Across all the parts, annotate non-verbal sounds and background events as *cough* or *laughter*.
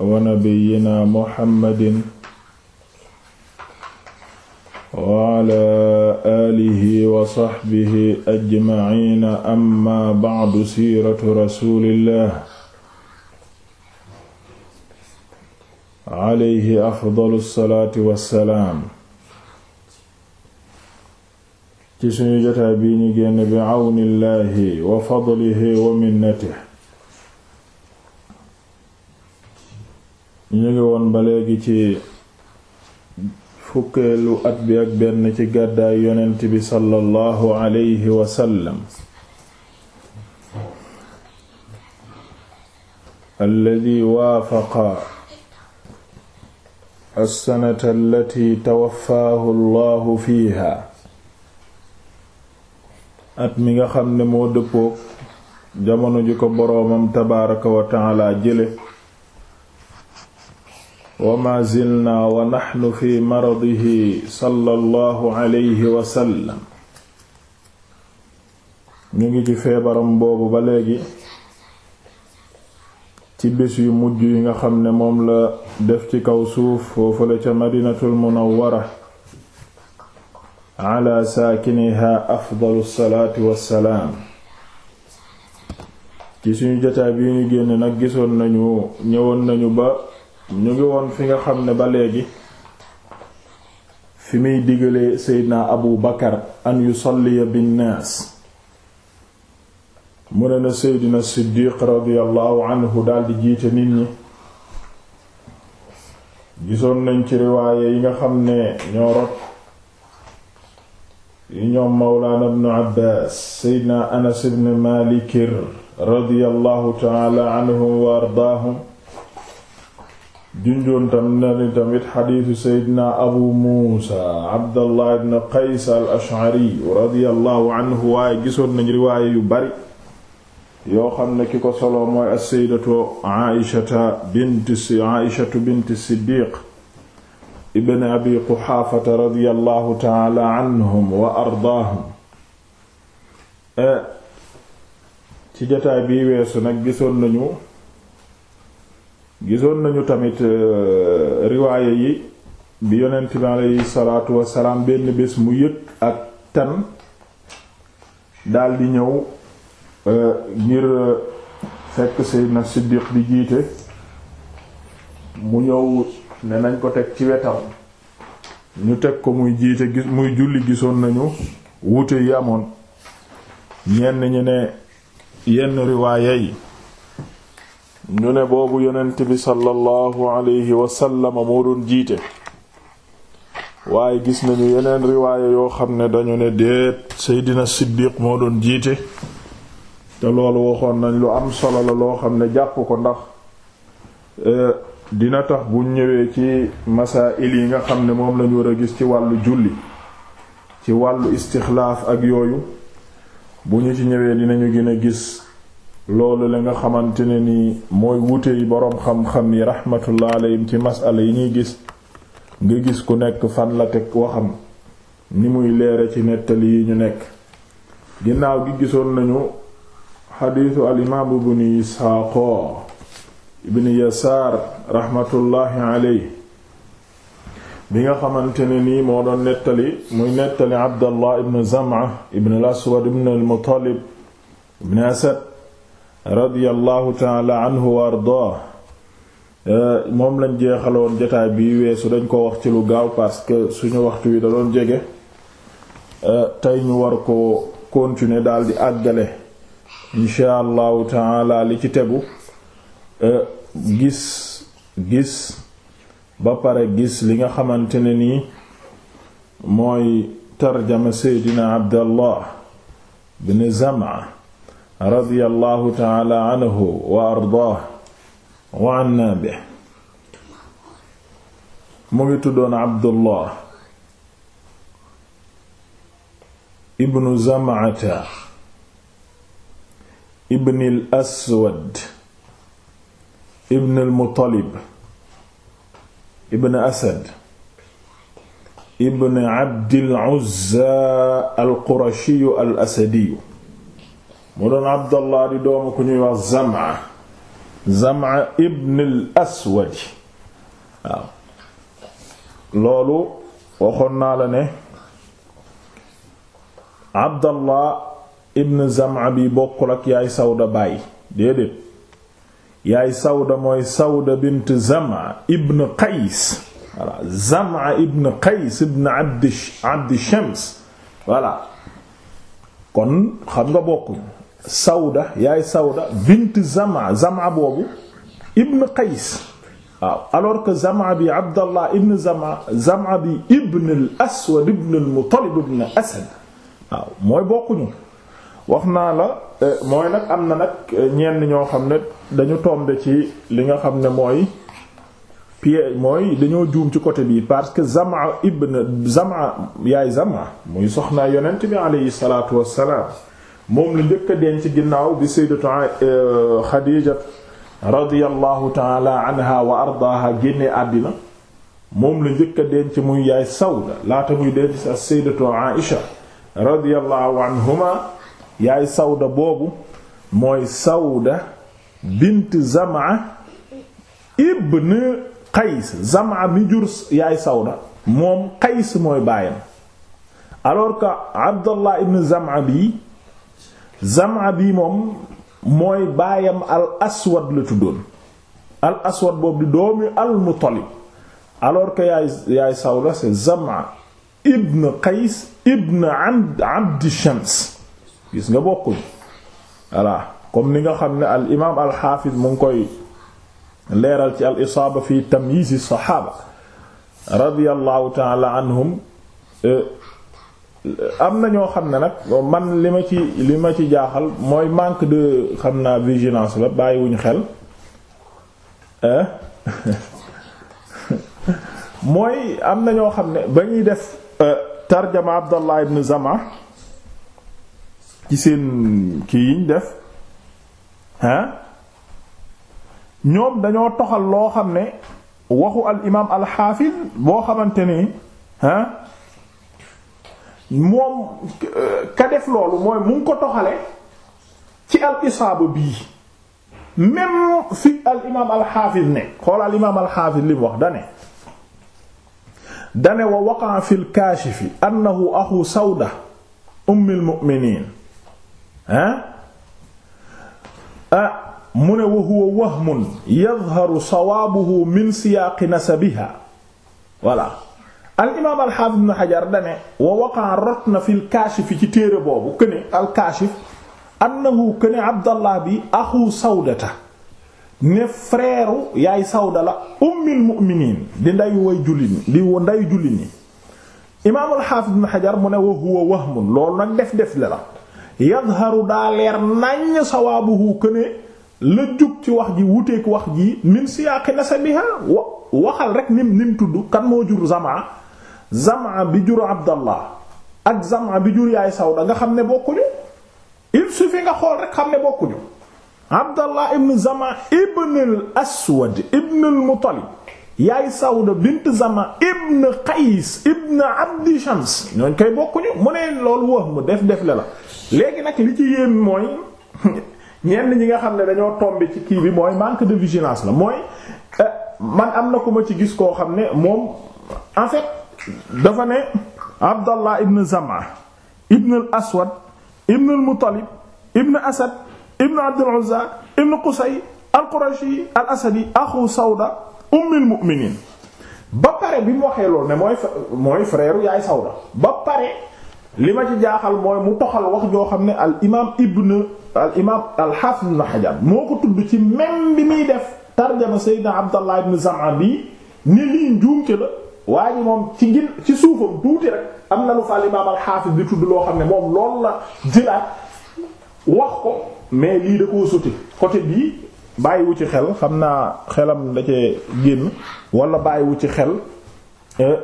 wa nabiyyina muhammadin wa ala alihi wa sahbihi ajmaciina amma bacdu siiratu rasulillah alayhi afdalu salaati wa salaam ci sunu jotaay bi ñu génn bi cawnillahi wa fadlihi wa minnatihi ñu ngi woon ba léegi ci fukkeelu at bi ak benn ci gàddaay yonent bi sallallahu alayhi wa sallam alladi waafaqa alsanata allati tawaffaahu allahu at mi nga xam ne moo dëppook jamono ji ko boroomam tabaaraka wa taala jële wa ma zilna wa naxnu fi maradihi sallallahu alayhi wa sallam ñu ngi ci feebaram boobu ba léegi ci bis yu mujj yi nga xam ne moom la def ci kaw suuf foofule ca madinatul munawwara ala saakiniha afdalu salaati wassalaam ci suñu jotaay bi ñu génn nag gisoon nañu ñëwoon nañu ba ñu ngi woon fi nga xam ne ba léegi fi muy digalee seydna abu bakar an yusalliya binnaas mu ne na seydna siddiq radiallahu anhu daldi jiite nit ñi gisoon nañ ci riwaaye yi nga xam ne ñoo rot yi ñoom mawlaana ibnu abbaas seydna anas ibn malikir radiallahu taala anhum wa ardaahum junjoon tam na ni tamit xadiisu seydina abu muusa abdallah ibn qays al ash'ari radiyallahu anhu waaye gisoon nañu riwaaye yu bari yoo xam ne ki ko solo mooy as-sayyidatu aishata bint aishatu bint siddiq ibn abi quxaafata radiyallahu taala anhum wa ardaahum eh, ci jotaay bi weesu nag gisoon nañu gisoon nañu tamit euh, riwaaya yi bi yonent bi aleyhi salaatu wasalaam benn bés mu yëg ak tan daldi ñëw euh, ngir euh, fekk na Siddiq di jiite mu ñëw ne nañ ko teg ci wetam ñu teg ko muy jiite gis muy julli gisoon nañu wuute yi amoon ñenn ñi ne yenn riwaaya yi ñu ne boobu yonent bi sallallahu alayhi wasallam moo doon jiite waaye gis nañu yeneen riwaaye yoo xam ne dañu ne déet seydina siddiq moo doon jiite te loolu waxoon nañ lu am solo la loo xam ne jàpp ko ndax e, dina tax bu ñëwee ci masaa'il yi nga xam ne moom lañu war a gis ci wàllu julli ci wàllu istixlaaf ak yooyu bu ñu ci ñëwee dinañu gën a gis loolu la nga xamante ne ni mooy wuute boroom xam-xam yi rahmatullah alayhim ci masala yi ñuy gis nga gis ku nekk fan la teg waxam ni muy leere ci nettali yi ñu nekk ginnaaw gi gisoon nañu xadiisu alimaam ibnu isxaaqo ibnu yasaar raxmatullaahi aley bi nga xamante ne nii moo doon nettali muy nettali abdallah ibnu zama ibnu aswad ibnu al muttalib ibnu radiyallahu taala anhu wa ardaa euh, moom lañ jeexaloon jotaay bi weesu dañ ko wax ci lu gaaw parce que suñu waxtu wi da doon jege euh, tey ñu war ko kontine daal di àggale insha allahu taala li ci tegu euh, gis gis ba pare gis li nga xamante ne nii mooy tarjama seydina abdallah bin Zam'a radiyallahu taala anhu wa ardaah wa anna bi mu ngi tuddoon abdullah ibnu zam'ata ibnil aswad ibnul muttalib ibn asad ibn abdil uzza al qurashiyu al asadiyu mu doon abdallah di doomu ku ñuy wax zama zama ibn aswadi waaw loolu waxoon naa la ne abdallah ibn zama bi bokkul ak yaay sawda bàyyi déedéet yaay sawda mooy sawda bint zama ibn qays voilà ibn qays ibn abd shams voilà kon xam nga bokkuñu sawda yaay sawda bint zama zama boobu ibn qays waaw alors que zama bi abdallah ibn zama zama bi ibn aswad ibn al ibn asad waaw mooy bokkuñu wax naa la eh, mooy nag am na nag eh, ñenn ñoo xam ne dañu tombe ci li nga xam ne mooy pied mooy dañoo juum ci côté bi parce que zama ibn zama yaay zama muy soxnaa yonent bi aleyhi salatu wassalam moom la njëkk a denc ginnaaw bi sayyidatu Xadiija euh, radiyallahu taala anha wa ardaaha génne àddina moom la njëkk a denc muy yaay Sawda laata muy denc sa sayyidatu Aïsha radiyallahu anhuma yaay Sawda boobu mooy Sawda bint Zam'a ibn Qays Zam'a mi jur yaay Sawda moom Qays mooy baayam alors que Abdallah ibn Zam'a bi Zam'a bi moom mooy baayam al aswad la tuddoon al aswad boobu di al muttalib alors que yaay sawla c'est Zam'a ibn Qays ibn abd abd Shams gis nga bokkuñ voilà comme ni nga xam ne al imaam al xaafis mu koy leeral ci al isaaba fi tamyiz as-saxaaba radiyallahu ta'ala anhum euh, am na ñoo xam ne nag man li ma ci li ma ci jaaxal mooy manque de xam naa vigilance la bàyyiwuñ xel *laughs* mooy am na ñoo xam ne ba ñuy def euh, tarjama Abdallah ibn Zama ci seen kii yiñ def ah ñoom dañoo toxal loo xam ne waxu al imaam al xaafis boo xamante ni ah moom euh, ka def loolu mooy mu ko toxale ci al isaaba bii même fi al imaam al xaafis ne xool al imaam al xaafis li mu wax dane dane wa waqaa fi lkaashifi annahu axu sawda ummil mu'miniin ah mu ne wa huwa wahmun yadharu sawaabuhu min siyaaqi nasabiha voilà al imaam al xaafis ibn xajar dane wa waqaa rot na fil kaashifi ci téere boobu këne al kaashif annahu këne abdallah bi axu sawdata ne frère yay sawda la ummil mu'miniin di nday way jullit ñi di nday jullit ñi imaam al xaafis ibn xajar mu ne wa huwa wahmun loolu nag def def la yadharu daa leer sawaabuhu këne la jug ci wax ji wuteek wax ji min siyaaqi nasabiha waxal rek nim tudd kan moo jur zamaa Zam'a bi jur Abdallah ak Zam'a bi jur yaay Sawda nga xam ne bokkuñu il suffit nga xool rek xam ne bokkuñu Abdallah ibn Zam'a ibn al-Aswad ibn al-Muttalib yaay Sawda bint Zam'a ibn Qays ibn Abdi Shams ñooñ koy bokkuñu mu ne loolu wax mu def def le la léegi nag li ci yéem mooy *laughs* ñenn ñi nga xam ne dañoo tombé ci kii bi mooy manque de vigilance la mooy eh, man am na ku ma ci gis koo xam ne moom en dafa ne abdallah ibn zama ibn al aswad ibn al muttalib ibn asad ibn abd al uzza ibn qusay al qurashi sawda umm al mu'minin bi mu waxee loolu ne mooy mooy frère sawda ba pare li ma ci jaaxal mooy mu toxal wax joo xam ne al imaam ibn al imaam al hafiz ibn hajar moo ko def tarjama sayyidina abdallah ibn zama bi ne lii njuumte waa ji moom ci gin ci suufam tuuti rek am na lu fa al imaam alxaafis di tudd loo xam ne moom loolu la jëlaat wax ko mais lii da koo sotti côté bii bàyyiwu ci xel xam naa xelam da cee génn wala bàyyiwu ci xel euh,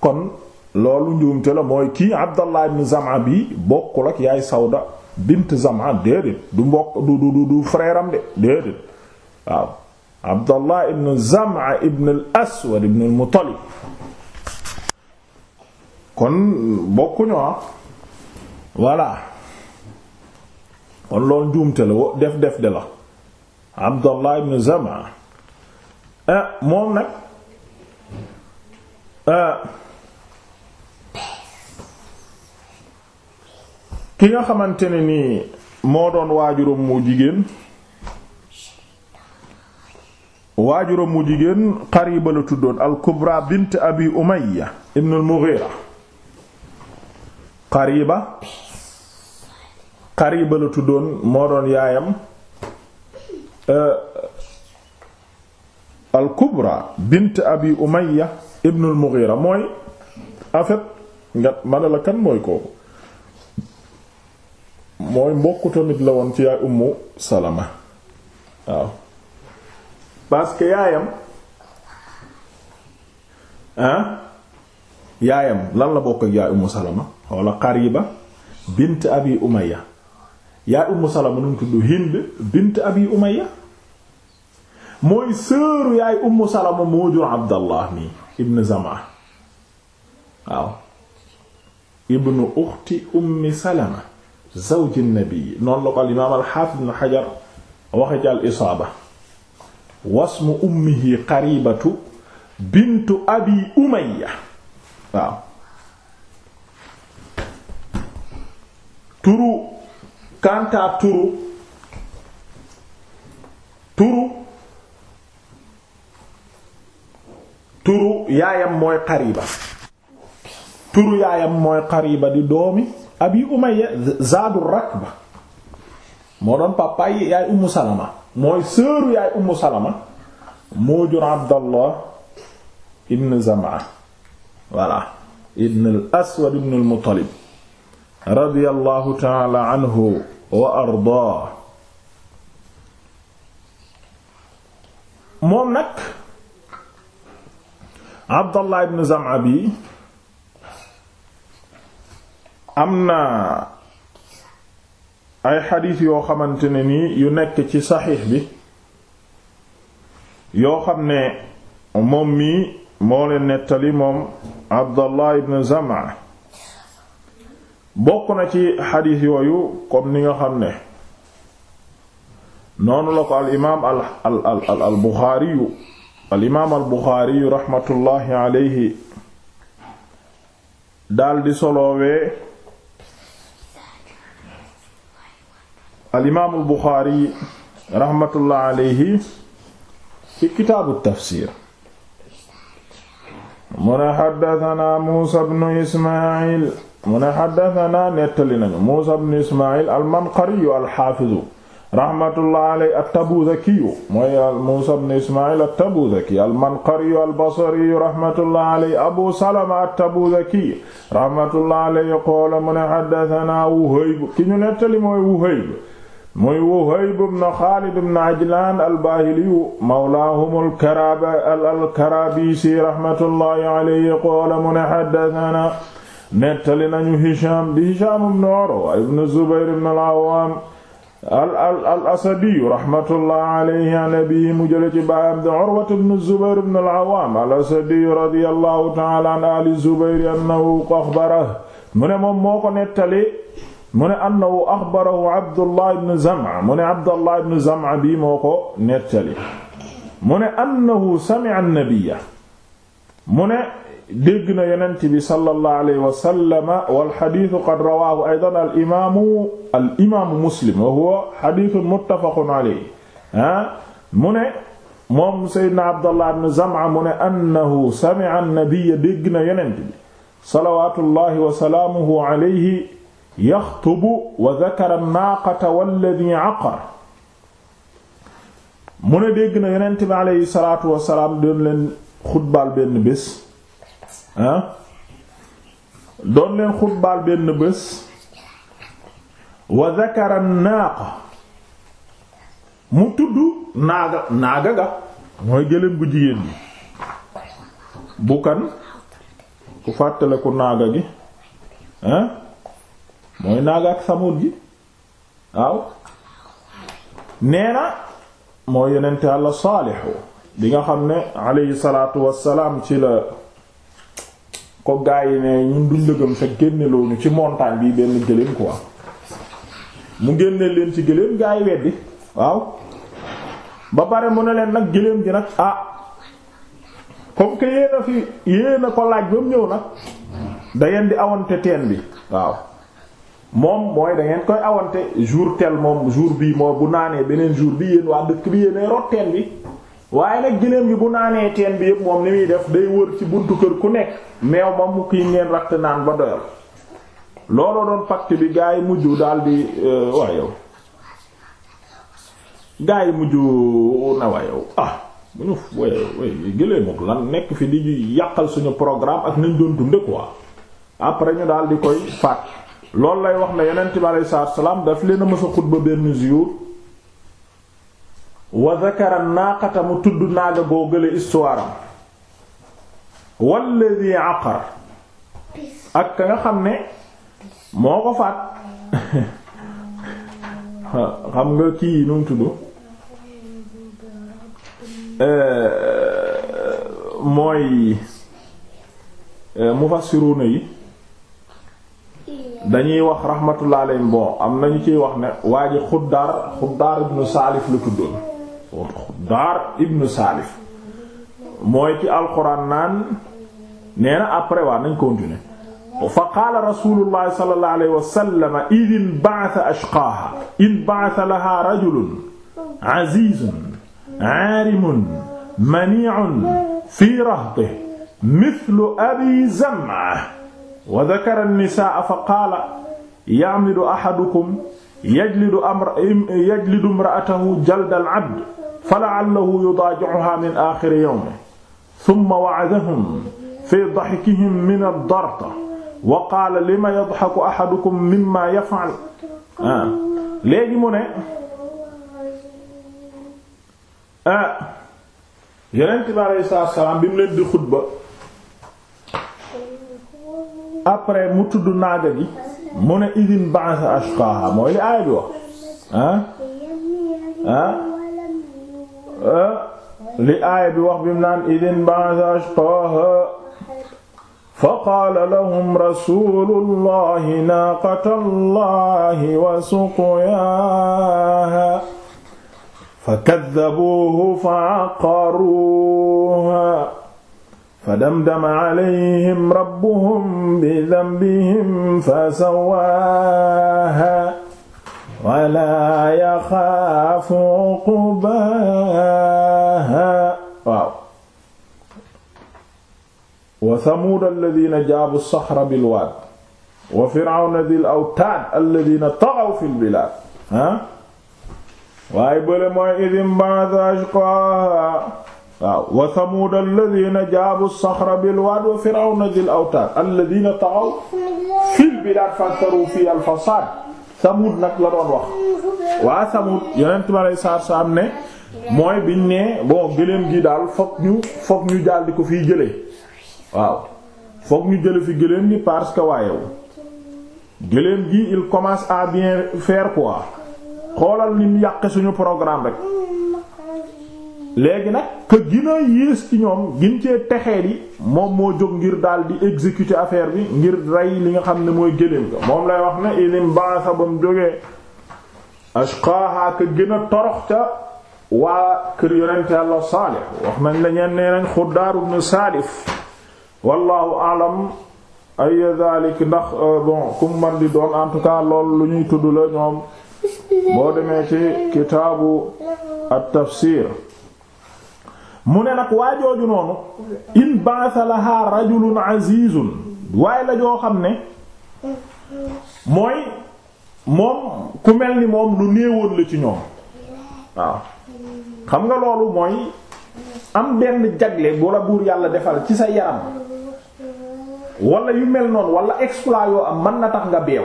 kon loolu njuumte la mooy kii Abdallah ibn Zam'a bi bokkul ak yaay Sawda bint Zam'a déedéet du mbokk du du du frère am de déedéet waaw Abdallah ibn Zam'a ibn aswad ibn al kon bokkuñu ah voilà kon loolu njuumte la wo def def de la Abdallah ibn Zama eh, moom nag eh, ki nga xamante ne nii moo doon waajuram mu jigéen waajuram mu jigéen Qariba la tuddoon al Kubra bint Abi Umayya ibn al Mughira Qariba Qariba la tuddoon moo doon yaayam euh, al Kubra bint Abi Umayya ibn Mughira mooy en fait nga mane la kan mooy kooku mooy mbokku tamit la woon ci yaay Ummu Salama waaw parce yaayam ah yaayam lan la bokk ak yaay Ummu Salama wala Qariba bint Abi Umayya yaay Ummu Salama nu mu tudd Hind bint Abi Umayya mooy sœuru yaay Ummu Salama moo jur Abdallah mi ibn Zama waaw ibnu uxti ummi Salama zawji nabi noonu la ko al imaam al xaafid ibn Hajar waxe al isaaba wasmu ummihi Qaribatu bintu Abi Umayya waaw turu kanta turu turu yaayam mooy Qariba turu yaayam mooy Qariba di doomi Abi Umayya Zaadu Rakba moo doon yaay Ummu Salama mooy sœuru yaay Ummu Salama moo Abdallah ibn Zam'a voilà ibn aswad ibn al-Muttalib radiyallahu taala anhu wa ardaa moom nag Abdallah ibn Zam'a bi am na ay xadiis yoo xamante ne yu nekk ci saxiix bi yoo xam ne moom mii moo leen nettali moom Abdallah ibn Zam'a bokk na ci xadiis yooyu comme ni nga xam ne noonu la ko al imaam al al al al buxaariyu al imaam al buxaariyu raxmatullaahi aleyhi daldi soloowee al imaam buxaari raxmatullaahi aleyhi ci kitaabu tafsiir mu ne xaddatanaa muusa bnu ismaayil mu ne xaddatanaa nettali nañu muusa bnu ismail almanqariyu alxaafizu rahmatullah aley attabuzakiyu mooy muusa bnu ismail attabuzaki almanqariyu albasariyu rahmatullah aley abu salama attabuzaki rahmatullah aley qoola mu ne xaddatanaa wuhayb ki ñu nettali mooy wuhayb muy Wuhayb ibn Xaalid ibn Ajlaan al-Baahiliyu mawlaahum al-Karaabisi rahmatullahi alayhi qaala mu ne haddasanaa nettali nañu Hisham di Hisham ibn Urwa ibn Zubayr ibn al-Awwam al al al asadi rahmatullah alayhi an abihi mu jële ci baayam di Urwa ibn Zubayr ibn al-Awwam al asadi radiyallahu ta'ala an ali Zubayr annahu akhbarahu mu ne moom moo ko nettali mu ne annahu akhbarahu Abdullah ibn Zam'a mu ne Abdullah ibn Zam'a bi moo ko nettali mu ne annahu sami'a an-nabiyya mu ne dégg na yonent bi sallallahu alayhi wa sallam wal xadiisu qad rawaahu aydan al imaamu al imaamu muslim wa huwa xadiisun muttafaqun alayhi ah mu ne moom Seydina Abdallah ibn Zam'a mu ne annahu sami'a an-nabiyya dégg na yonent bi salawaatullahi wa salaamuhu alayhi yaxtubu wa zakara an-naaqata walladhii aqara mu ne dégg na yonent bi alayhi salaatu wa salaam doon leen xutbaal benn bés. ah doon leen xutbaal benn bés wa zakara naaqa mu tudd naaga naaga ga mooy gëléem bu jigéen bi bu kan ku fàttaleku naaga gi ah mooy naaga ak samut gi waaw nee na moo yonente Yàlla Saalihu bi nga xam ne alayhi salaatu wassalaam ci la ko gaa yi ne ñun duñ la gëm te ci montagne bi benn gëléem quoi mu génne leen ci gëléem gaa yi weddi waaw ba pare mu ne leen nag gëléem gi nag ah comme que fi yéen ko laaj ba mu ñëw nag da di awante teen bi waaw moom mooy da ngeen koy awante jour tel moom jour bii moo bu naanee beneen jour bi yéen waa dëkk bi yéen ay teen bi. waaye nag gëléem gi bu naanee teen bi yëpp moom ni muy def day wër ci buntu kër ku nekk meew ma mukk yi ngeen ratt naan ba doyal looloo doon pacte bi gaa yi mujj daldi di euh, yow gaa yi mujj na waa yow ah, bu ñu way way gëléem lan nekk fi di yàqal suñu programme ak nañ doon dunde quoi après ñu daldi koy faat loolu lay wax ne yonent bi alayhi salaam daf leen a mësa xutba benn jour wa zakara mu tudd naaga boo gële histoire am walladi ak ka nga xam ne moo ko faat *laughs* xam nga kii nu mu tudd eh, mooy eh, mufassiruna yi dañuy wax rahmatullah alayhim bon am nañu ciy wax ne waa ji xuddaar xuddaar ibnu saalif lu tuddoon daar ibnu saalif mooy ci alxuraan naan nee na après waa nañ continuer fa qaala rasulullahi sallallahu alayhi wa sallam id inba'atha ashqaaha inba'atha laha rajulun azizun aarimun mani'un fi rahtihi mithlu abi zam'a wa dhakara an-nisaa fa qaala ya'midu ahadukum yajlidu imra'atahu jalda al-'abd fa la'allahu yudaaji'uha min aaxiri yawmi summa wa'adahum fi dahkihim min ad-darta wa qaala lima yadhaku ahadukum mimma yaf'al léegi mu ne yonent bi alayhi salaatu salaam bi mu leen di xutba après mu tudd naaga gi mu ne idin ba'atha ashqaaha mooy li aaya bi wax ah ah li aaya bi wax bi mu naan idin ba'atha ashqaaha fa qaala lahum rasuulullahi naaqatallahi wa suqyaaha fakaddabuuhu fa'aqaruuha fadamdama alayhim rabbuhum bidambihim fasawwaaha wala yaxaafu uqbaaha waaw wa thamuud alladina jaabu saxra bilwaad wa firawna dil awtaad alladina taxaw fi lbilaad ah waaye bële mooy idim ba'da ashqaaha waaw wa thamuud alladina jaabu saxra bilwaad wa firawna dil awtaad alladina taxaw fi lbilaad fantaru fi alfasaad Samud nag la doon wax waa Samud yonent ma lay saar sa ne mooy biñ ne bon gëléem gi daal fokk ñu fokk ñu daldi ko fiy jële waaw fokk ñu jële fi gëléem gi parce que waayew gëléem gi il commence à bien faire quoi xoolal ni mu yàqe suñu programme rek léegi nag que gën yées ci ñoom gin cee texee yi moom moo jóg ngir daal di exécuter affaire bi ngir rey li nga xam ne mooy gëléem ga moom lay wax ne ilim baasa ba mu jógee ashqaaha ka gën a torox ca waa kër yonente Yàlla Saalix wax nañ la ñeen nee nañ Xuddaar ibn Saalif wallahu alam ay dalik ndax euh, bon kum man di doon en tout cas lool lu ñuy tudd la ñoom boo demee ci kitaabu at mu ne nag waa jooju noonu in ba'atha laha rajulun azizun waaye la joo xam ne mooy moom ku mel ni moom lu néewoon la ci ñoom waaw xam nga loolu mooy am benn jagle bu la buur yàlla defal ci sa yaram walla yu mel noonu wala exploit yoo am mën na tax nga beew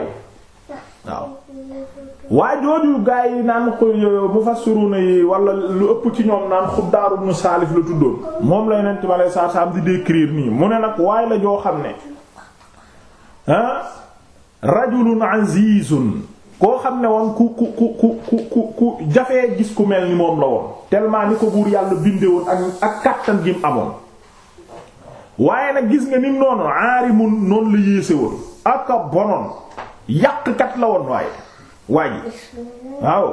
waaw waa jooju gaa yi naan ko euh, mufassiruna yi wala lu ëpp ci ñoom naan Xuddaar ibn Saalif la tuddoon moom la Yonent bi alayhi salaatu salaam di décrire nii mu ne nag waaye la joo xam ne ah rajulun azizun koo xam ne woon ku ku ku ku ku ku jafee gis ku mel ni moom la woon tellement ni ko buur yàlla bindewoon ak ak kàttan gi mu amoon waaye nag gis nga ni noonu aarimun noonu la yéesewoon ak a bonoon yàqkat la woon waaye waa ji waaw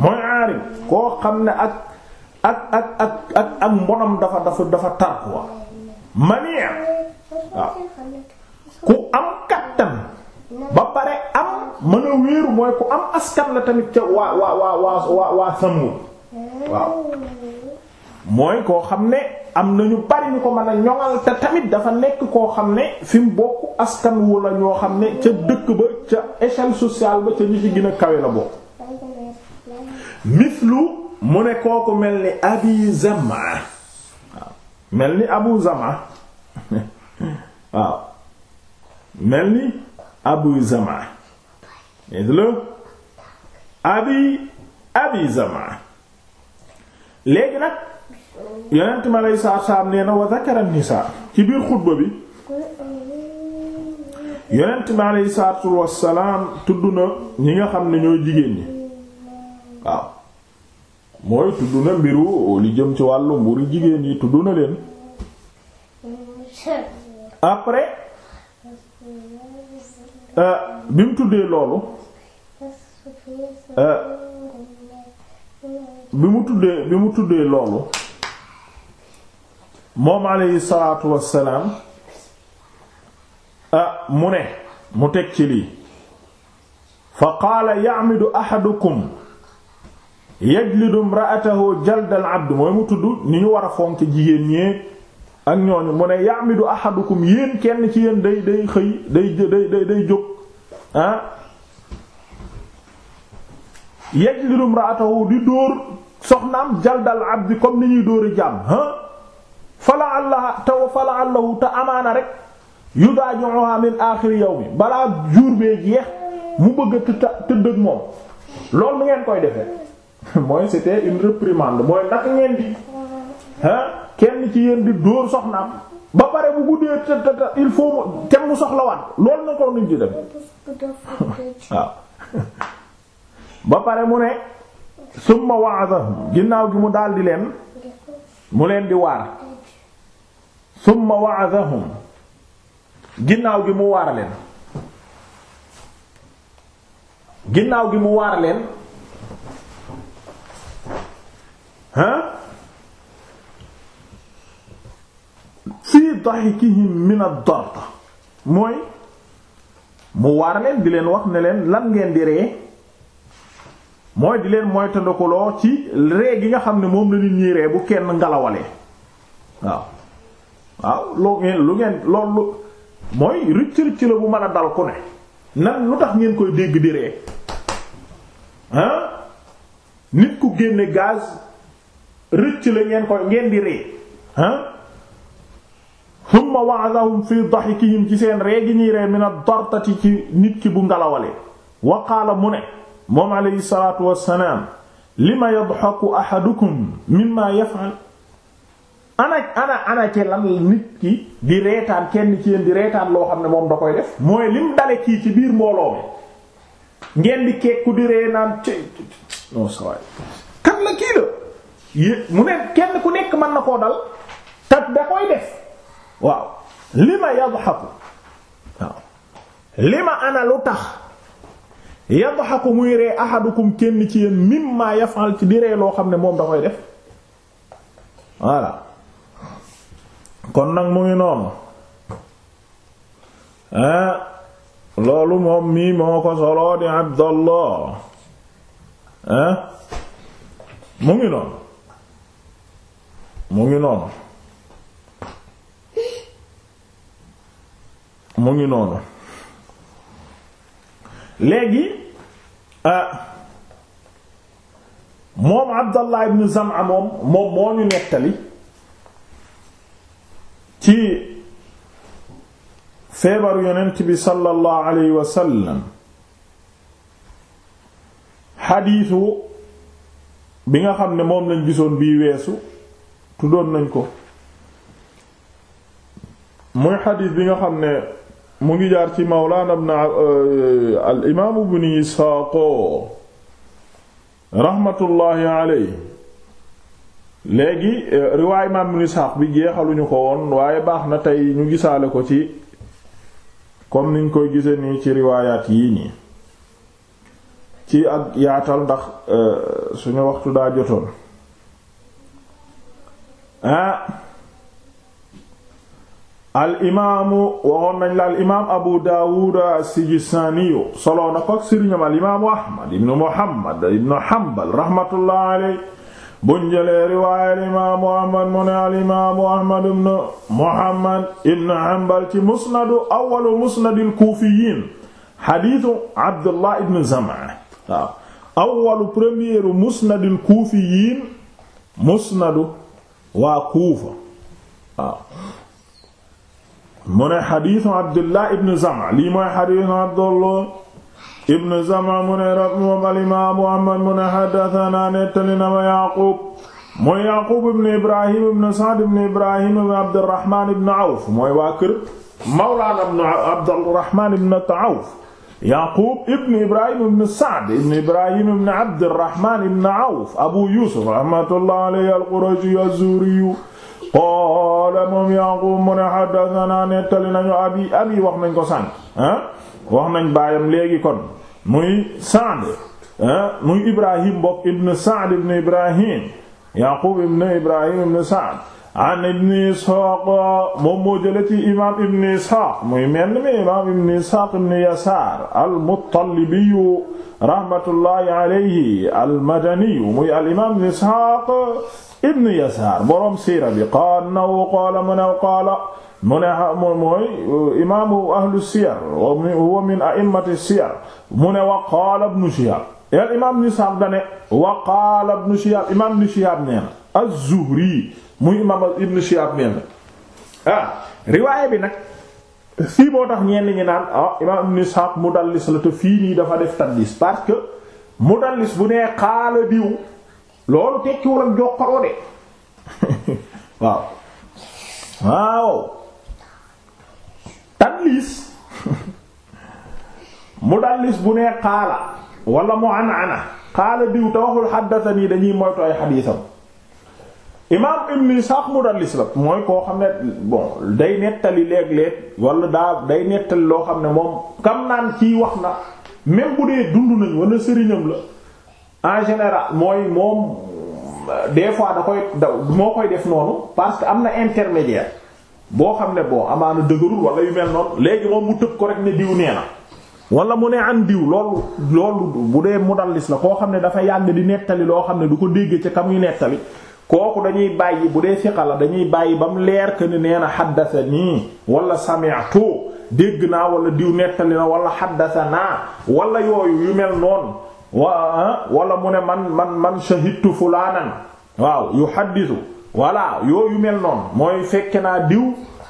mooy aarim koo xam ne ak ak ak ak ak ak mbonam dafa dafa dafa tar waaw ku am kattan ba pare am mën a wéeru mooy ku am askan la tamit ca waa waa waa waa waa waa Samud waaw mooy koo xam ne am na ñu bari ñu ko mën a ñoŋal te tamit dafa nekk koo xam ne fim bokk askan wu la ñoo xam ne ca dëkk ba ca échelle sociale ba ca ñu ci gën a kawe la bokk lu mu ne kooku mel ni abi zama waaw mel ni abu zama *laughs* waaw mel ni abu zama mislu léegi nag yonent mi aleyhi salaatu salaam nee na wa zakara nisaa ci biir xutba bi yonent ma aleyhi salaatu wassalaam tudd na ñi nga xam ne ñoo jigéen ñi waaw mooy tudd na mbiru li jëm ci wàllu mburu jigéen yi tudd na leen après euh, bi tuddee loolu euh, bi mu tuddee bi mu tuddee loolu moom aleyhi salaatu wassalaam ah mu ne mu teg ci lii fa qaala ya'midu ahadukum yajlidu imra'atahu jaldal abd mooy mu tudd ni ñu war a fonk jigéen ñee ak ñooñu mu ne ya'midu ahadukum yéen kenn ci yéen day day xëy day day day day jóg ah yajlidu imra'atahu di dóor soxnaam jaldal abd comme ni ñuy dóori jàmm ah fa la allah taw fa la allahu te amaana rek yu daajuha min aaxiri yawmi balaa jour bee jeex mu bëgg a të tëdd ak moom loolu mu ngeen koy defe *laughs* mooy c'était une réprimande mooy naka ngeen di ah kenn ci yéen di dóor soxnaam ba pare bu guddee te il faut mu te mu soxlawaat loolu na ko nuñ di def *laughs* waaw *laughs* ba pare mu ne summa wa'adahum ginnaaw gi mu daldi leen mu leen di waar. summa wa'adahum ginnaaw gi mu waar ginnaaw gi mu waar leen ah fii dahikihim min ad-darda mooy mu waar leen di leen wax ne leen lan ngeen di ree mooy di leen moytandikuloo ci ree gi nga xam ne moom la nit ñi bu kenn ngalawalee waaw waaw loo ngeen lu ngeen mooy rëcc rëcc la bu mën a dal ku ne nan lu tax ngeen koy dégg di ree ah nit ku génne gaz rëcc la ngeen koy ngeen di ree ah humma wa'adahum fi dahikihim ci seen ree gi ñuy ree min ad-dartati ci nit ki bu ngalawalee wa mu ne moom alayhi salaatu wassalaam lima yadhaku ahadukum mimma yaf'al ana ana ana ci lan nit ki di reetaan kenn ci yéen di reetaan loo xam ne moom da koy def mooy lim dale kii ci biir mbooloo mi ngeen di kekku di ree naan ci la kii la yé mu ne kenn ku nekk mën na koo dal tat da koy def waaw li ma yadhaku waaw li ma ana lu tax yadhaku muy ree ahadukum kenn ci yéen mimma yaf'al ci di ree loo xam ne moom da koy def voilà kon nag mu ngi noonu ah, loolu moom mii moo ko soloo di Abdallah ah, mu ngi noonu mu ngi noonu mu ngi noonu léegi ah moom Abdallah ibn Zam'a moom moom moo ñu nettali ci feebaru yonent bi sallallahu alayhi wa sallam xadiisu bi nga xam ne moom lañ gisoon bii weesu tuddoon nañ ko mooy xadiis bi nga xam ne mu ngi jaar ci mawlaana ibn al imaamu ibn Isaaqo raxmatullaahi alayhi léegi euh, riwaay imaam ibn Isxaaq bi jeexaluñu ko woon waaye baax na tey ñu gisaale ko ci comme niñ koy gisee nii ci riwaayaat yii nii ci ak yaatal ndax euh, suñu waxtu daa jotoon ah al imaamu waxoon nañ la al imaam Abu Daawud as-Sijistaaniyu soloo na ko ak sëriñam al imaamu Ahmad ibnu Muhammad ibnu Hanbal rahmatullah alayhi buñ jëlee riwaaya alimaamu ahmad mu ne alimaamu ahmad ibn muhammad ibn hanbal ci musnadu awalu musnadil kuufiyiin xadiisu abdullah ibn zamaa waaw awalu premieru musnadil kuufiyiin musnadu waa kuufa waaw mu abdullah ibn zamaa lii mooy xadiisu abdullah ibn Zam'a mu ne rab moom alimaamu Ahmad mu ne haddasanaa nettali na ma Yaaqub mooy Yaaqub ibn Ibrahim ibn Sa'd ibn Ibrahim ibn Abdurrahmaan ibn Awf mooy waa kër Mawlaana ibn Abdurrahmaan ibn Awf Yaaqub ibn Ibrahim ibn Sa'd ibn Ibrahim ibn Abdurrahmaan ibn Awf Abu Yuusuf rahmatullahi alayhi al-Qurashi az-Zuhri qaala moom Yaaqub mu ne haddasanaa nettali nañu abi abi wax nañ ko sànq ah wax nañ baayam léegi kon muy Sa'd ah, muy Ibrahim bokk ibn Sa'd ibn Ibrahim Yaqub ibn Ibrahim ibn Sa'd an ibn Ishaq moom moo jële ci imaam ibn Ishaq muy mel mi imaam ibn Ishaq ibn Yasaar al-Muttalibi rahmatullahi alayhi al-Madani muy al-imaam ibn Ishaq ibn Yasaar borom siira bi qaala qaala mu ne ah, moom mooy euh, imaamu ahlu siyar huwa min a'immati siyar mu ne wa qaala ibnu Shihaab al imaam ibnu Shihaab dane wa qaala ibnu Shihaab imaam ibnu Shihaab nee na az muy imaam ibnu Shihaab nee na ah bi nag fii boo tax ñenn ñi naan ah imaam ibnu Shihaab mudallis la te fii nii dafa def tadlis parce que mu dallis bu nee qaala diw loolu tekkiwul ak jokkaloo de *laughs* waaw waaw tadlis mudallis bu nee xaala wala mu an ana xaala diw te waxul xaddatani dañuy moytu ay xadiisam imaam ibn Isaaq mudallis la mooy koo xam ne bon day nettali léeg-léeg wala daa day nettali loo xam ne moom kam naan ci wax na même bu dee dund nañ wala sëriñam la en général mooy moom des fois da koy da moo koy def noonu parce que am na intermédiaire boo xam ne boo amaana dëgërul wala yu mel noonu léegi moom mu tëb ko rek ne diw nee na wala mu ne an diw loolu loolu bu dee mudallis la koo xam ne dafa yàgg di nettali loo xam ne du ko ci ca yu nettali kooku dañuy bàyyi bu dee siqa la dañuy bàyyi ba mu leer que ni nee na xaddasa nii wala sami'tu dégg naa wala diw nettali na wala xaddasa naa wala yooyu yu mel noonu wa ah, wala mu ne man man man shahidtu fulaanan waaw yuhaddisu voilà yooyu mel noonu mooy fekke naa diw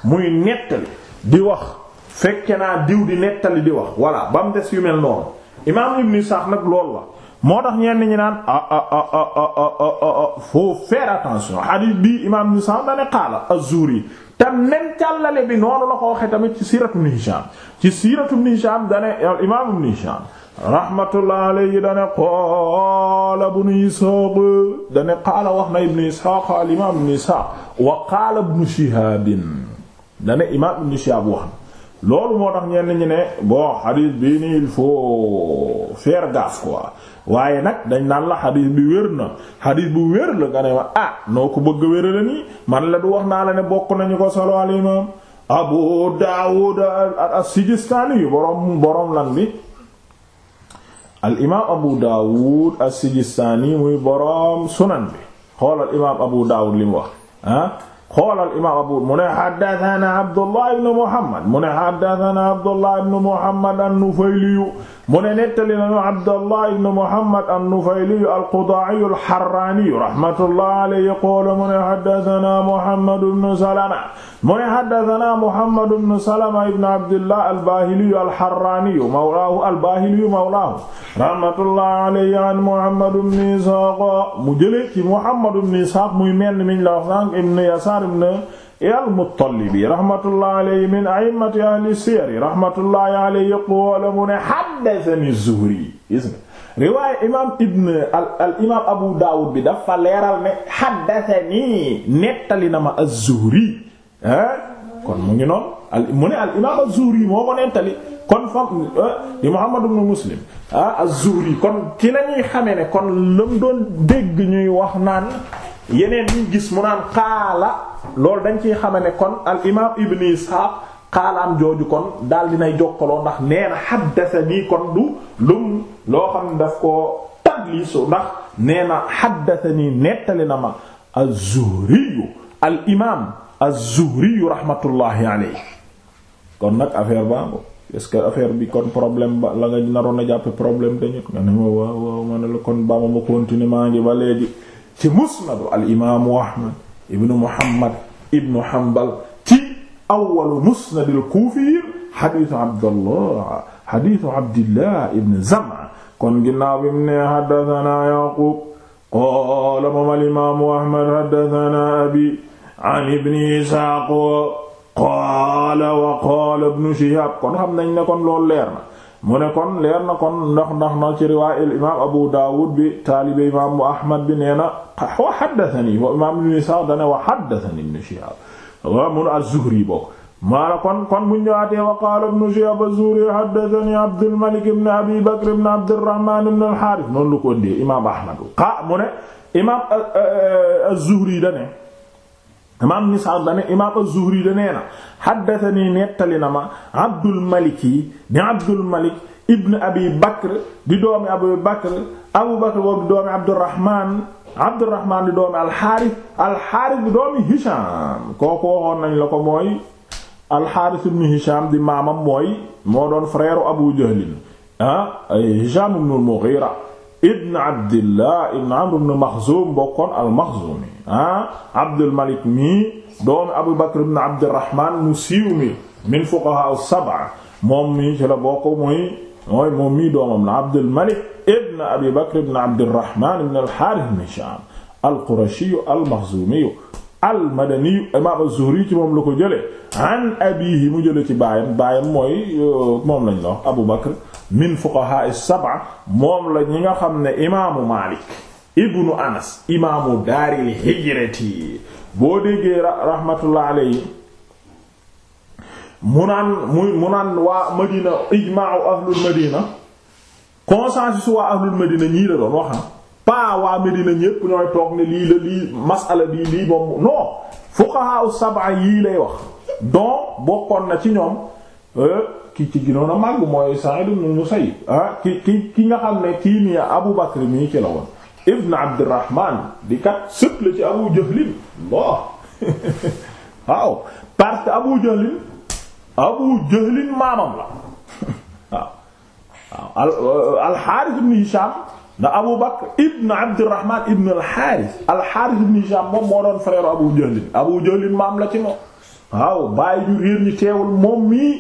muy nettali di wax fekke naa diw di nettali di wax voilà ba mu des yu mel noonu imaam ibn Sa'd nag loolu la moo tax ñenn ñi naan ah ah attention hadith bi imaam ibn Sa'd dane qaala az-Zuhri te même càllale bi noonu la ko waxee tamit ci siiratu ibn Hisham ci siiratu ibn Hisham dane imaam ibn Hisham rahmatullah alayhi dane qaala ibnu Isxaaq dane qaala wax na ibnu Isxaaq al imaam ibnu Isxaaq wa qaala loolu moo tax ñeen ñi ne bon xadiis bi nii il faut faire gaffe quoi waaye nag dañ naan la xadiis bi wér na xadiis bu wér la nga ne ma ah noo ko bëgg wérale nii man la du wax naa la ne bokk nañu ko solo al imaam Abu Daawud as-Sijistaani boroom boroom lan bi al imaam abu daawud as-sijistaani muy boroom sunan bi xoolal imaam abu daawud li mu wax ah xoolal imaam abu mu ne haddathana abdullah ibn muhammad mu ne haddathana abdullah ibn muhammad an-nufayli mu ne nettali nañu Abdallah ibn Muhammad an-Nufayli al-Qudaa'i al-Harraani rahmatullahi alayhi qaala mu ne haddathanaa Muhammad ibn Salama mu ne haddathanaa Muhammad ibn Salama ibn Abdillah al-Baahili al-Harraani mawlaahu al-Baahili mawlaahu rahmatullahi alayhi an Muhammad ibn Ishaaq mu jëlee ci Muhammad ibn Ishaaq muy mel ni miñ la wax ibn Yasaar ibn al-Muttalibi rahmatullahi alayhi min a'immati ahli siyar rahmatullahi alayhi qaala mu ne zuhri riwaaya imaam ibn al imaam Abu Dawud bi dafa leeral ne haddathani nettali na ma az-Zuhri kon mu ngi noonu al mu ne al imaam az-Zuhri moo ko nettali kon fa eh, di Muhammad ibn Muslim ah az-Zuhri kon ci la ñuy ne kon lam doon dégg ñuy wax naan yeneen ñu gis naan xaala loolu dañ ciy xama kon al imaam ibn Isxaaq xaalaam jooju kon daal dinay jokkaloo ndax nee na xaddasanii kon du lum loo xam ne daf ko tadliisu ndax nee na xaddasanii nettali na ma az-Zuhriyu al imaam az-Zuhriyu rahmatullahi alayhi kon nag affaire bango est-ce que affaire bi kon problème ba la nga naroon a jàppe problème dañu nga ne ma waaw waaw ma la kon ba ma ma continuer maa ngi ba léegi ci musnadu al imaamu ibnu muhammad ibnu hanbal ci awwalu musnadil kuufi xadiisu abdallah xadiisu abdillah ibn zama kon ginnaaw bi mu ne haddasanaa yaquub qaala moom alimaamu ahmad haddasanaa abi an ibni isxaaq qaala wa qaala ibnu shihaab kon xam nañ ne kon loolu leer na mu ne kon leer na kon ndax ndax na ci riwaay imaam Abu Daawud bi taalibe imaamu Ahmad bi nee na wa haddathani wa imaam Ibn Isaaq dana wa haddathani Ibn Shihaab wa mun az-Zuhri bokk maana kon kon bu ñëwaatee wa qaala Ibn Shihaab az-Zuhri haddathani Abdul Malik ibn Abi Bakr ibn Abdurrahmaan ibn al-Haarith noonu lu ko ndee imaam Ahmad qaa mu ne imaam euh, euh, az-Zuhri dane imaam nisaab dane imaam az-Zuhri da nee na xaddatani nettali na ma abdul malik yi ibn abi di doomi abu bakr abu doomi abdurrahman di doomi alxaaris alxaaris di doomi hisham kooku waxoon nañ la ko mooy alxaaris ibn hisham di maamam mooy moo doon frère abu jahlin ah hisham ibn al-mughira ibn abdillah ibn amr ibn maxzum bokkoon al-maxzumi ah Abdul Malik mii doomu Abu Bakr ibn Abdurrahman mu siiw mi min fuqaha as-sab'a moom mii ci la bokk muy mooy moom mii doomam la Abdul Malik ibn Abi Bakr ibn Abdurrahman ibn al-Harith ibn Sham al-Qurashi al-Makhzumi al-Madani imaam az-Zuhri ci moom la ko jëlee an abiihi mu jëlee ci baayam baayam mooy euh, moom lañ la wax Abu Bakr min fuqaha as-sab'a moom la ñi nga xam ne imaamu Malik ibnu anas imaamu daaril hijrati boo déggee rahmatullah alayhi mu naan muy mu naan waa madina ijmaau ahlul madina consensus waa ahlul madina ñii la doon waxa paa waa madina ñépp ñooy toog ne lii la lii masala bii lii moom non fuqaha as-sab'a yii lay wax don bokkoon na ci ñoom euh, ki ci ginoon a màgg mooy Sa'id ibn Musayyib ah ki ki ki nga xam ne kii nii Abu Bakr mii ci la woon ibn abdirahman di kat sët la ci abu jahlin Allah *laughs* waaw parce que abu jahlin abu jahlin maamam la *laughs* waaw waaw alxaaris euh, ibn hisham na abu bakr ibn abdirahman ibn alxaaris alxaaris ibn hisham moom moo doon frère abu jahlin abu jahlin maam la ci moom waaw bàyyi ju réer ñi teewul moom mii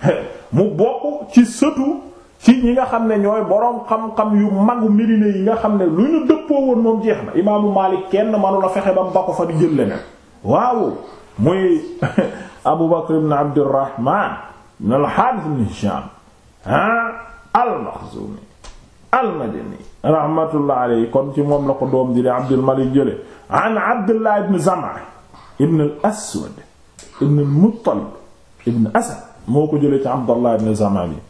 *laughs* mu bokk ci sëtu ci yi nga xam ne ñooy boroom xam-xam yu magu Medina yi nga xam ne lu ñu dëppoo woon moom jeex na imaamu Maalik kenn manu la fexe ba mu ba ko fa di jël leneen waaw muy *laughs* Abu Bakr ibn Abdurrahman ibn al-Harith ibn Hisham ah kon ci moom la ko doom di Abdul Malik jële an Abdullah ibn Zam'a ibn al-Aswad ibn al-Muttalib ibn Asad moo ko jëlee ci Abdullah ibn Zam'a bi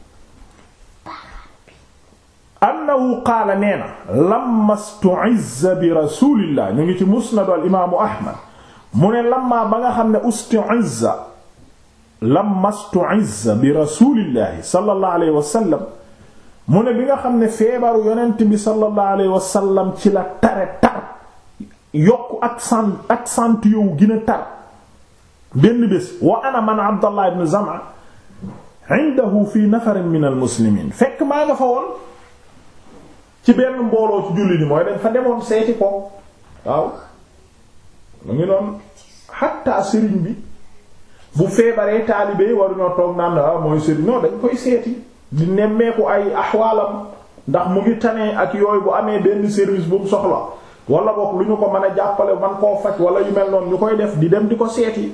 annahu qaala nee na lamma stu'izza bi rasulillah ñu ngi ci musnadu al imaamu ahmad mu ne lamma ba nga xam ne ustu'izza lamma stu'izza bi rasulillahi sallallahu alayhi wa sallam mu ne bi nga xam ne feebaru yonent bi sallallahu alayhi wa sallam ci la tare tar yokk accent accent yow gën a tar benn bés wa ana man abdallah ibn zama indahu fi nafarin min al muslimin fekk maa nga fa woon ci benn mbooloo ci julli ni mooy dañ fa demoon seeti ko waaw mu ngi noon xattaa sëriñ bi bu feebaree taalibe yi waruñoo toog naan na waaw ah, mooy sëriñ non dañ koy seeti di nemmeeku ay axwaalam ndax mu ngi tanee ak yooyu bu amee benn service bu soxla wala boog lu ñu ko mën a jàppale man koo faj wala yu mel noonu ñu koy def di dem di ko seeti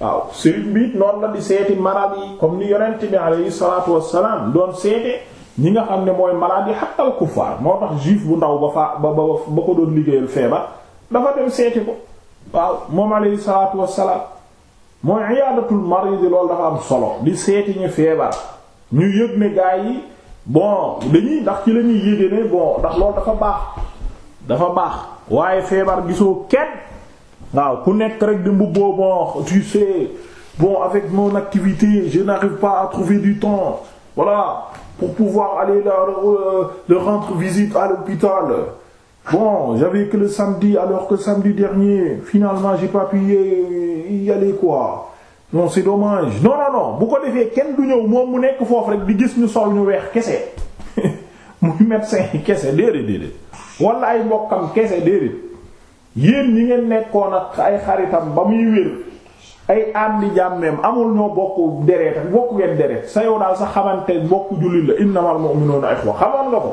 waaw sëriñ bi noonu la di seeti marab yi comme ni yonent bi alayhi salaatu wassalaam doon seete ñi nga xam ne mooy malade yi xatal kuffaar moo tax juif bu ndaw ba faa ba ba ko doon liggéeyal feebar dafa dem seeti ko waaw moom alayhi salaatu wassalaam mooy iyaadatul marid loolu dafa am solo di seeti ñu feebar ñu yëg ne gaa yi bon dañuy ndax ci la ñuy yéege ne bon ndax loolu dafa baax dafa baax waaye feebar gisoo kenn waaw ku nekk rek di mbubboo bon tu sais bon avec mon activité je n'arrive pas à trouver du temps voilà pour pouvoir aller leur, euh, leur rendre visite à l'hôpital. Bon, j'avais que le samedi, alors que samedi dernier, finalement, j'ai pas pu y aller quoi. Non, c'est dommage. Non, non, non, bu ko defee kenn du ñëw moom mu nekk foofu rek di gis ñu sol ñu weex kese *laughs* muy médecin kese déedéet déedéet wala ay mbokkam kese déedéet yéen ñi ngeen nekkoon ak ay xaritam ba muy wér. ay àndi jàmmeem amul ñoo bokk deret ak bokk ngeen deret sa yow daal sa xamante bokk jullit la innamal mu'minuna ikhwa xamoon nga ko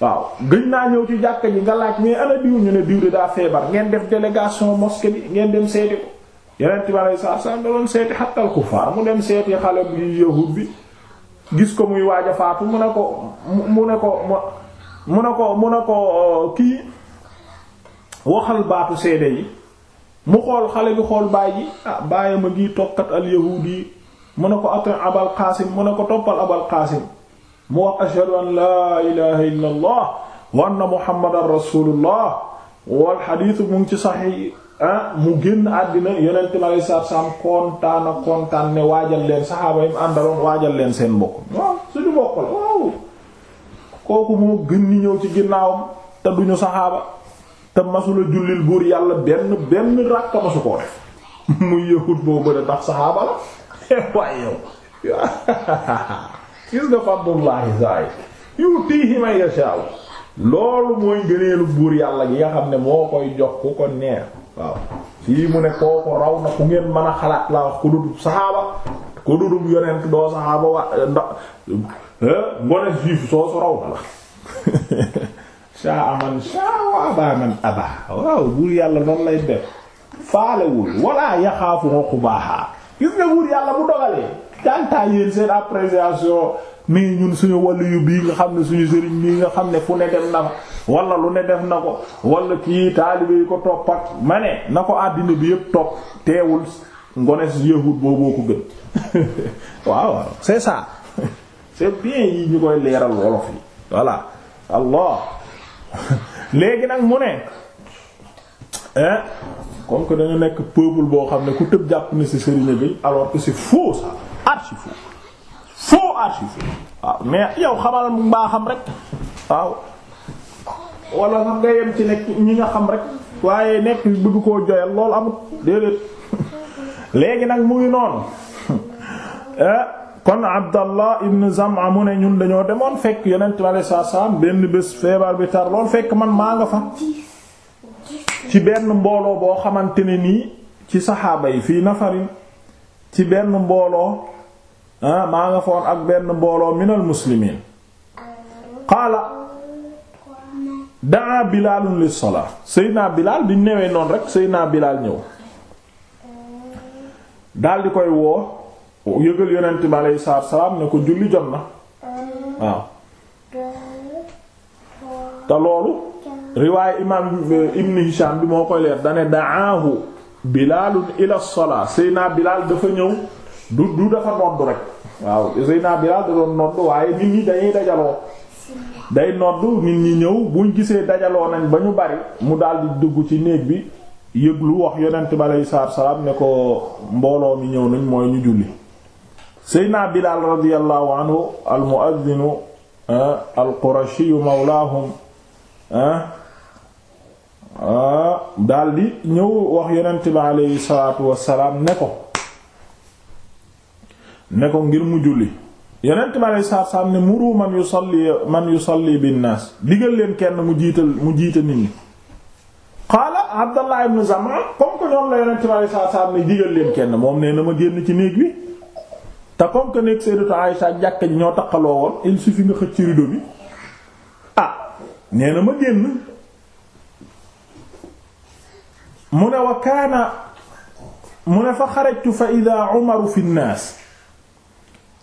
waaw gëj naa ñëw ci jàkka ji nga laaj mais ana diw ñu ne diw de daa feebar ngeen def délégation mosquée bi ngeen dem seeti ko yeneen tubaab ay saa saa doon seeti xàttal kufaar mu dem seeti xale bi yahud bi gis ko muy waaj a faatu mu ne ko mu ne ko mu ne ko mu ne ko kii waxal baatu seede yi. mu xool xale bi xool baay ji ah a ngi tokkat al yahudi mu ne ko atin abal qaasim mu ne ko toppal abal qaasim mu wax ashhadu an laa ilaha illa allah wa anna muhammadan rasulullah wal xadiisu mu ngi ci saxi ah mu génn àddina yonente mi alei satu salaam kontaan ne waajal leen saxaaba yim àndaloon waajal leen seen mbokk waaw suñu mbokk la waaw kooku moo gën ni ñëw ci ginnaawam te duñu saxaaba te masula jullil buur yàlla benn benn ràkka masu koo def *laughs* muy yëhut boo bëre ndax saxaaba la *laughs* waaye yow *laughs* gis nga fadlullahi saay yutihi man yasha loolu mooy gëneelu buur yàlla gi nga xam ne moo koy jox ku ko neex waaw fii mu ne koo ko raw na ku ngeen mën a xalaat la wax ku dudub saxaaba ku dudub yonent doo saxaaba wa ndax eh, ngone juif soo su raw na la shaa aman shaa abaa man abaa waaw buur yàlla noonu lay def faalewul walla yaxaafu uqbaaha gis nga buur yàlla bu dogalee kantaa yéen seen appréciation mais ñun suñu wàllu yu bii nga xam ne suñu sëriñ bii nga xam ne fu ne na wala lu ne def na ko walla kii taalibe yi ko toppat ma ne na ko àddina bi yëpp topp teewul ngones yahut booboo ko gën *laughs* waaw c'est ça *laughs* c'est bien yi ñu koy leeral wolof yi voilà allah léegi nag mu ne hein comme que dañu nekk peuple boo xam ne ku tëb jàpp ni ci sëriñ bi alors que c'est faux ça archi faux waaw mais yow xamal mu mbaa xam rek waaw walla sax nga yem ci nekk ñu nga xam rek waaye nekk bëgg koo joyal loolu amut déedéet léegi nag mu ngi noonu hein kon abdallah ibn zam'a mu ne ñun dañoo demoon fekk yonent bi alayhi salaam benn bés feebar bi tar lool fekk man maa nga fa ci benn mbooloo boo xamante ni nii ci saxaaba yi fii nafarin ci benn mbooloo ah, maa nga foon ak benn mbooloo minal muslimiin qaala daa bilaalun lis salaa seydinaa bilaal bi newee noonu rek seydinaa bilaal ñëw daldi koy woo yëgal yonent bi aleyhi salaatu salaam ne ko julli jot na waaw te loolu riwaay imaam eh, Ibn Hisham bi moo koy leer dane daahu bilaalun ila salaa seyna bilaal dafa ñëw du dafa nodd rek waaw seyna bilaal da doon nodd waaye nit ñi dañuy dajaloo day nodd nit ñi ñëw buñ gisee dajaloo nañ ba ñu bari mu daldi dugg ci néeg bi yëglu wax yonent bi aleyhi salaam ne ko mbooloo mi ñëw nañ mooy ñu julli seydna bilaal radiallahu anhu al muaddinu al daldi ñëw wax yonent bi aleyhi salaatu wassalaam ne ko ne ko ngir mu julli yonent bi aleyhi salaatu wassalaam ne muru man yusalli man yusalli binnaas digal leen kenn mu jiital mu jiita nit ñi qaala abdallah ibn zamaa comme que ñoom la yonent bi aleyhi salaatu wassalaam leen kenn moom nee na ma génn ci néeg bi te comme que nekk Sayyidatu Aïsha ak jàkka ji ñoo taqaloo woon il suffit nga xëcc rideau bi ah nee na ma génn mu ne wa kaana mu ne fa xarajtu fa ida Umaru fi nnaas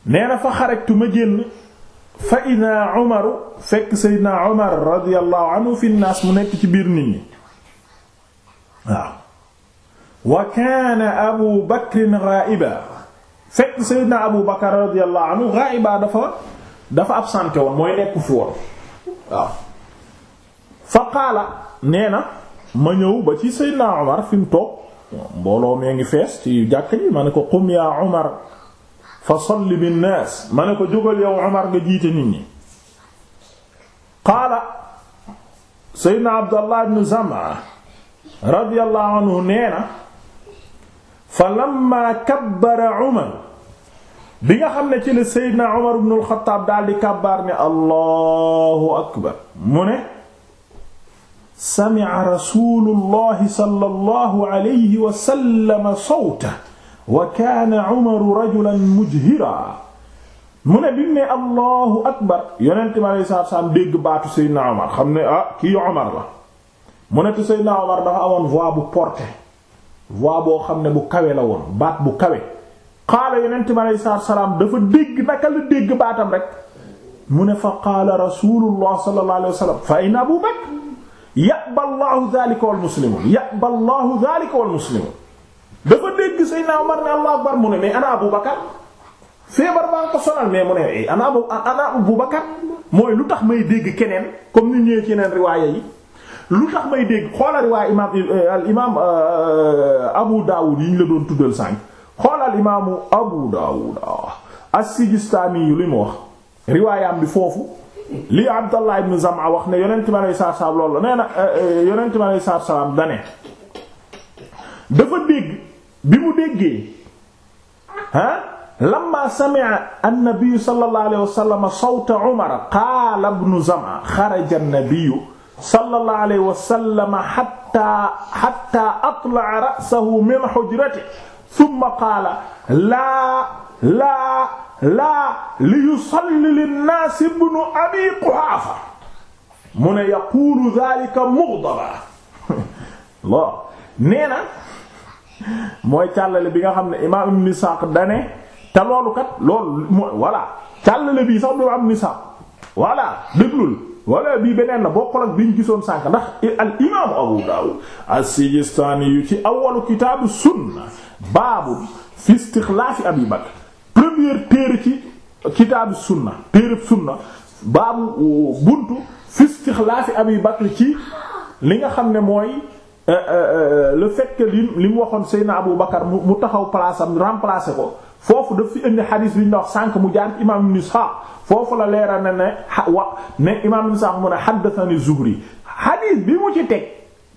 nee na fa xarajtu ma génn fa ida Umaru fekk Sayyidina Umar radiyallahu anhu fi nnaas mu nekk ci biir nit ñi waaw wa kaana Abu Bakrin ghaa'iban fekk Seydina Abu Bakar radiyallahu anhu ghaiba dafa dafa absenté woon mooy nekku fi woon waaw fa qaala nee na ma ñëw ba ci Seydina Omar fi toog mbooloo mee ngi fees ci jàkk ji ma ne ko qum yaa Omar fa salli bin naas ma ne ko jógal yow Omar nga jiite nit ñi qaala Seydina Abdallah ibn Zam'a radiyallahu anhu nee na fa lamma kabbara Umar bi nga xam ne ci la Seydina Umar ibn al-Khattab daldi kabbaar ne Allahu akbar mu ne sami'a rasuulullahi sallallahu alayhi wa sallam sawtahu wa kaana Umaru rajulan mujhiran mu ne bi mu ne Allahu akbar yonent mi alayhi salaatu salaam dégg baatu Seydina Umar xam ne ah kii Umar la mu ne te Seydina Umar dafa amoon voix bu portée voix boo xam ne bu kawe la woon baat bu kawe qaala yonent bi aleyhi salaam dafa dégg naka la dégg baatam rek mu ne fa qaala rasulullah sallallahu alayhi wa sallam fa in abu bakr ya'ba allahu dhalika wal muslimun ya'ba allahu dhalika wal muslimun dafa dégg Seydina Omar ne allahu akbar mu ne mais ana Abu Bakar feebar baa ko sonal mais mu ne eh, ana Abu Bakar mooy lu tax may dégg keneen comme ni ñëwee ci yeneen riwaaya yi lu tax may dégg xoolal riwaay imaam euh, euh, Abu Dawud yi la doon tuddal sànq xoolal imaamu Abu Dawud ah, as-Sijistaani yu li mu wax riwaayam bi foofu li Abdallah ibn Zam'a wax ne yonent mi alayhi salaatu salaam loolu nee na euh, yonent mi alayhi salaatu salaam da ne dafa dégg bi mu déggee ah. lamma sami'a an-nabiy sallallahu alayhi wa sallam sawta Umar qaala ibn Zam'a xaraja an-nabiy sallallahu alayhi wa sallam hatta hatta atla'a ra'sahu min hujratihi thumma qaala laa laa laa liyusalli linnaasi ibnu abi quhaafa mu ne yaquulu dhaalika mughdaba *laughs* loo nee na mooy càllale bi nga xam ne imaam ibn Isaaq dane te loolu kat loolu voilà càllale bii sax du am Isaaq voilà déglul wala bii beneen la bokkul ak biñ gisoon sànk ndax al imaamu Abu Dawud as yu ci awalu kitaabu sunna baabu fi istixlaafi Abi Bakr première téere ci kitaabu sunna téere sunna baabu buntu fi istixlaafi Abi Bakr ci li nga xam ne mooy euh, euh, euh, le fait que li mu waxoon Seydina Abu Bakr mu taxaw place am ko. foofu daf fi indi xadis bi ñu la wax sànq mu jaar imaam ibn Ishaq foofu la leeral na ne wa ne imaam ibn Ishaq mu ne haddathani Zuhri xadis bi mu ci teg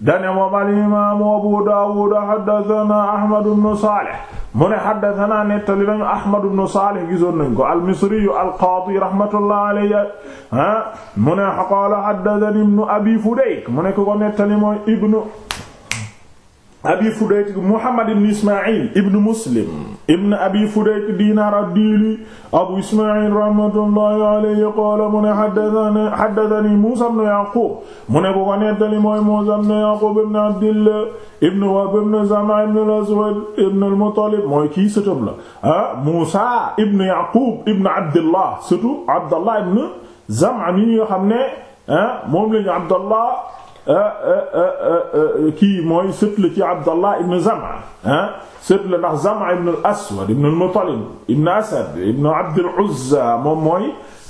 dane moom al imaam Abu Dawud haddathana Ahmad ibn Salih mu ne haddathana nettali nañu Ahmad ibn Salih gisoon nañ ko al-Misri al-Qadi rahmatullah alayhi ah mu ne qala haddathani ibn Abi Fudayk mu ne ko nettali mooy ibnu abi fudayt muhammad ibn ismail ibn muslim ibn abi fudayt dinar ad-dili abu ismail rahmatullahi alayhi qaala mu ne haddathani haddathani musa ibn yaqub mu ne bu ko nettali mooy musa ibn yaqub ibn abdillah ibn wahb ibn zama ibn al-aswad ibn al-muttalib mooy kii sëtëm la ah musa ibn yaqub ibn abdillah surtout abdallah ibn zama mi nga xam ne ah moom lañu abdallah Euh, euh, euh, kii mooy sët la ci Abdallah ibn Zam'a ah sët la ndax Zam'a ibn al-Aswad ibn al-Muttalib ibn Asad ibn Abd al-Uzza moom mooy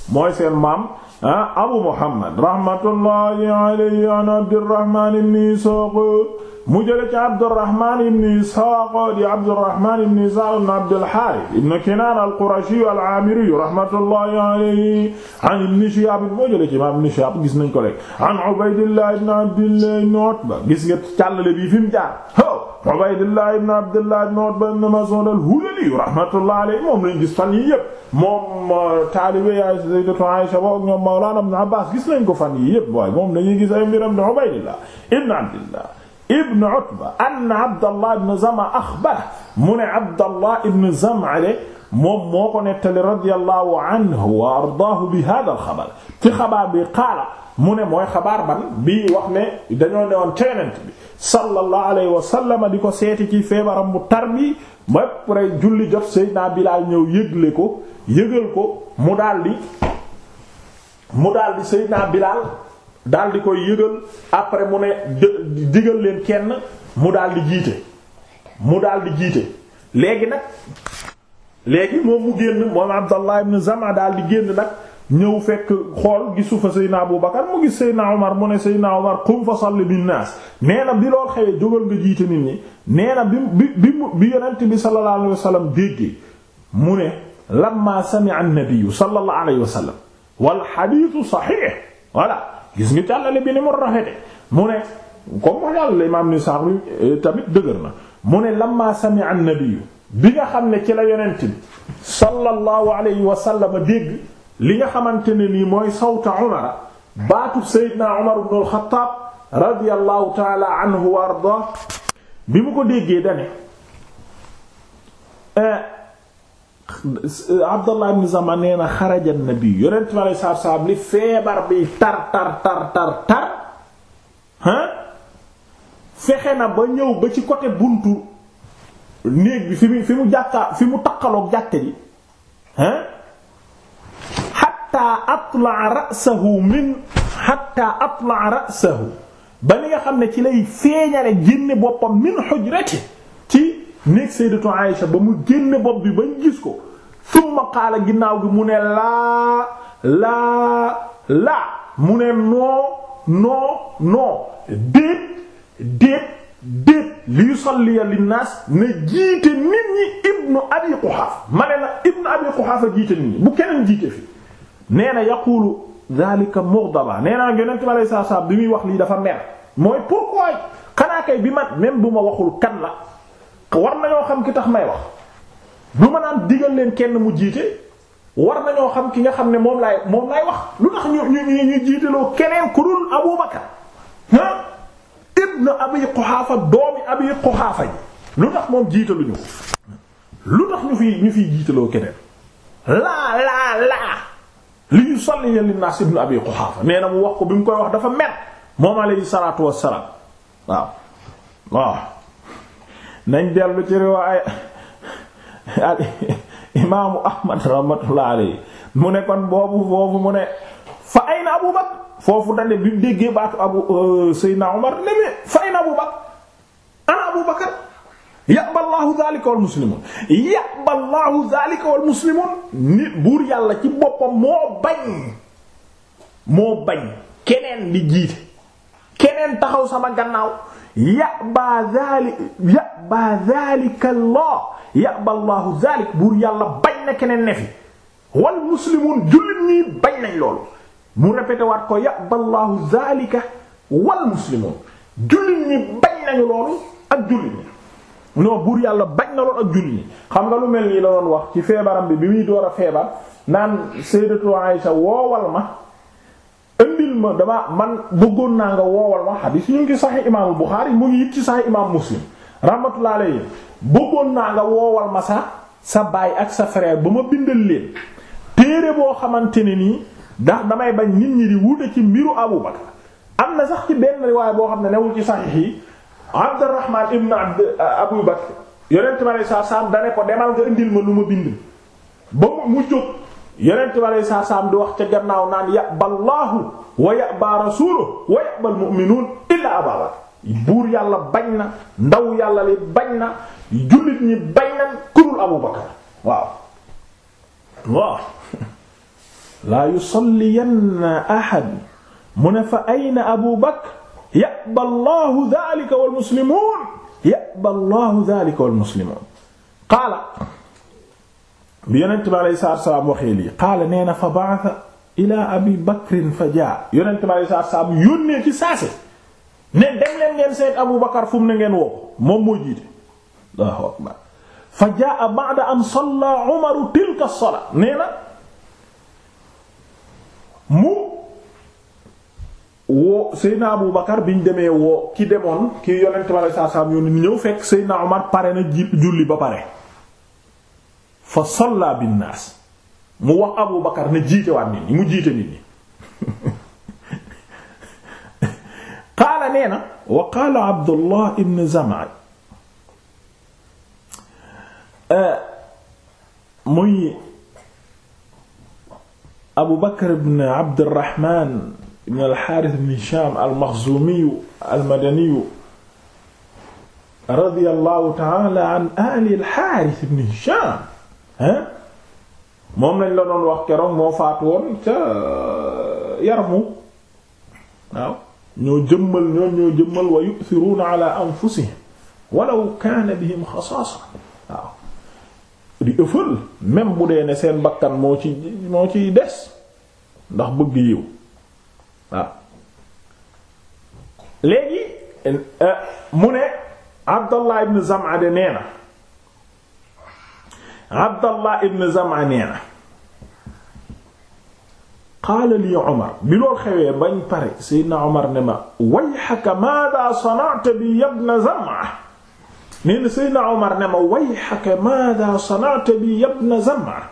mooy seen maam ah Abu Muhammad rahmatullahi alayhi an Abdurrahman ibn Ishaq mu jële ci Abdurrahman ibn Isaaq di Abdurrahman ibn Isaaq ibn Abdul Haaris ibn Kinaan al-Qurashi al-Aamiri rahmatullahi alayhi an ibn Shihaab moo jële ci imaam ibn Shihaab gis nañ ko léegi an Ubaydillah ibn Abdillah ibn Utba gis nga càllale bii fi mu jaar Ubaydillah ibn Abdillah ibn Utba ibn Mas'ud al-Hulali rahmatullahi alayhi moom lañ gis fan yii yëpp moom euh, taalibe yaay Sayyidatu Aisha ak ñoom Mawlaana ibn Abbaas gis nañ ko fan yii yëpp waaye moom lañuy gis ay mbiram di Ubaydillah ibn Abdillah ibn Utba anna Abdallah ibn Zama axbara mu ne Abdallah ibn Zama de moom moo ko nettali radiyallahu anhu wa ardaahu bi haadal bi qaala mu ne mooy xabaar ban bii wax ne dañoo ne woon teenant bi sallallahu alayhi di ko seeti ci feebaram bu tar bi ba pare julli jot Seydina Bilaal ñëw yëgle ko yëgal ko mu daldi mu daldi Bilaal daal di koy yëgal après mu ne digal leen kenn mu daal di jiite mu daal di jiite léegi nag léegi moom mu génn moom Abdallah ibn Zama daal di génn nag ñëw fekk xool gisu fa Seydina Abu Bakar mu gis Seydina Omar mu ne Seydina Omar qum fa salli bin naas nee na bi lool xewee jógal nga jiite nit ñi nee na bi bi bi yonent bi sallallahu alayhi déggee mu ne lamma sami'a an-nabiy sallallahu alayhi wa sallam wal hadith gis nga càllale bi ni mu rafete mu ne comme ma yàlla imaam ni sax eh, tamit dëgër na mu ne lamma sami'a an-nabiyyu bi nga xam ne ci la yonent bi sallallahu alayhi wa sallam dégg li nga xamante ne nii mooy sawta Umar baatu Seydina Umar ibn al-Khattab radiyallahu ta'ala anhu wa ardaa bi mu ko déggee dane eh, Abdallah ibn Zaman nee na xaraja nabi yonent ma lay saab saab li feebar bi tar tar tar tar tar hein fexe na ba ñëw ba ci côté buntu néeg bi fi mu fi mu jàkka fi mu takkaloog jàkka ji hein xatta atla ra'sahu min xatta atla ra'sahu ba ni nga xam ne ci lay feeñale génne boppam min xujrati ci nekk sayyidatu Aïsha ba mu génn bopp bi bañ gis ko summa qaala ginnaaw gi mu ne laa laa laa mu ne noo noo noo déet déet déet li yusalliya linnaas na jiite nit ñi ibnu abi Quhaafa ma ne la ibnu abi Quhaafa jiite nit ñi bu keneen jiite fi nee na yaqulu dhalika mughdaba nee naa yonent bi salaam bi muy wax lii dafa mer mooy pourquoi xanaa kay bi man même bu ma waxul kan la war nañoo xam ki tax may wax du ma naan digal leen kenn mu jiite war nañoo xam ki nga xam ne moom laay moom laay wax lu tax ñu ñu ñu jiiteloo keneen ku dul Abu Bakar ah ibn Abi Quhafa doomi Abi Quhafa yi ñu fi ñu fiy li ñu salli li naas ibn Abi Quhafa nee na mu wax ko bi mu koy wax dafa mer moom alayhi salaatu wassalaam waaw waaw nañ dellu ci riwaaya al imaamu ahmad rahmatullah alayhi mu ne kon boobu foofu mu ne fa ay na abu bakar foofu dane bi mu déggee baatu abu euh, seydna umar ne bi fa ay na abu bakar ana abu bakar yàba llaahu dhalika wal muslimun yàba llaahu dhalika wal muslimun ni buur yàlla ci boppam moo bañ moo bañ keneen di jiite keneen taxaw sama gannaaw ya'ba zaali ya'ba zaalika Allah ya'ba Allahu zaalik buur yàlla bañ na keneen ne fi wal muslimuun jullit bañ nañ loolu mu répété waat ko ya'ba Allahu zaalika wal muslimuun jullit ñi bañ nañu loolu ak jullit ñi non buur yàlla bañ na loolu ak jullit ñi xam nga lu mel nii la doon wax ci feebaram bi bi muy door a feebar naan sayyidatu Aisha woowal ma indil ma dama man bëggoon naa nga woowal ma xadiis ñu ngi saxi imaamul Buxaari mu ngi it ci saxi imaam Muslim rahmatullah alayhi bëggoon naa nga woowal ma sax sa baay ak sa frère ba ma bindal leen téere boo xamante ni nii ndax damay bañ nit ñi di wute ci mbiru Abu Bakar am na sax ci benn riwaay boo xam ne newul ci saxiix yi Abdurrahman ibn Abd uh, Abu Bakar yonent saam dane ko demal nga indil ma lu ma bind ba mu jóg yonent bi aleyhi salaatu salaam di wax ca gannaaw naan ya'ba Allahu wa ya'ba rasuluhu wa ya'ba al-mu'minuun illaa Abaa Bakr buur yàlla bañ na ndaw yàlla li bañ na jullit ñi bañ na kurul Abu Bakar waaw waaw *laughs* laa yusalliyanna ahad mu ne fa ayna Abu Bakr ya'ba Allahu dhaalika wal muslimuun ya'ba Allahu dhaalika wal muslimuun qaala bi yonent bi alayhi salaatu waxee lii qaala nee na fa baax ila abi bakrin fa jaa yonent bi alayhi salaatu salaam yónnee ci saase ne dem leen ngeen seet abu bakar fu mu ne ngeen woo moom moo jiite allahu akbar fa jaa ba'da an salla umaru tilka as-salaa nee na mu woo Seydina Abu Bakar bi ñu demee woo ki demoon ki yonent bi alayhi salaatu salaam yónni ñëw fekk Seydina Umar pare na julli ba pare fa salla binnaas mu wax Abu Bakar ne jiite waat nit ñi mu jiite nit ñi *laughs* qaala nee na wa qaala Abdullah ibn Zam'a eh, muy Abu Bakar ibn Abdurrahman ibn al-Harith ibn Hisham al-Makhzumi al-Madani radiyallahu ta'ala an ahli al-Harith ibn Hisham hein moom lañ la doon wax keroog moo faatu woon ca euh, yaramu waaw ñoo jëmmal ñoom ñoo jëmmal wa yu'thiruna ala anfusihim walaw kana bihim waaw di ëffal même bu dee ne seen bakkan moo ci moo ciy des ndax bëgg yiw waaw léegi euh, mu ne Abdallah ibn Zam'ade nee na abdallah ibn zamaa nee na qaala lii omar bi lool xewee bañ pare seydna omar ne ma wayxaka maada na ma wayxaka maada sanata bi yabna zamaa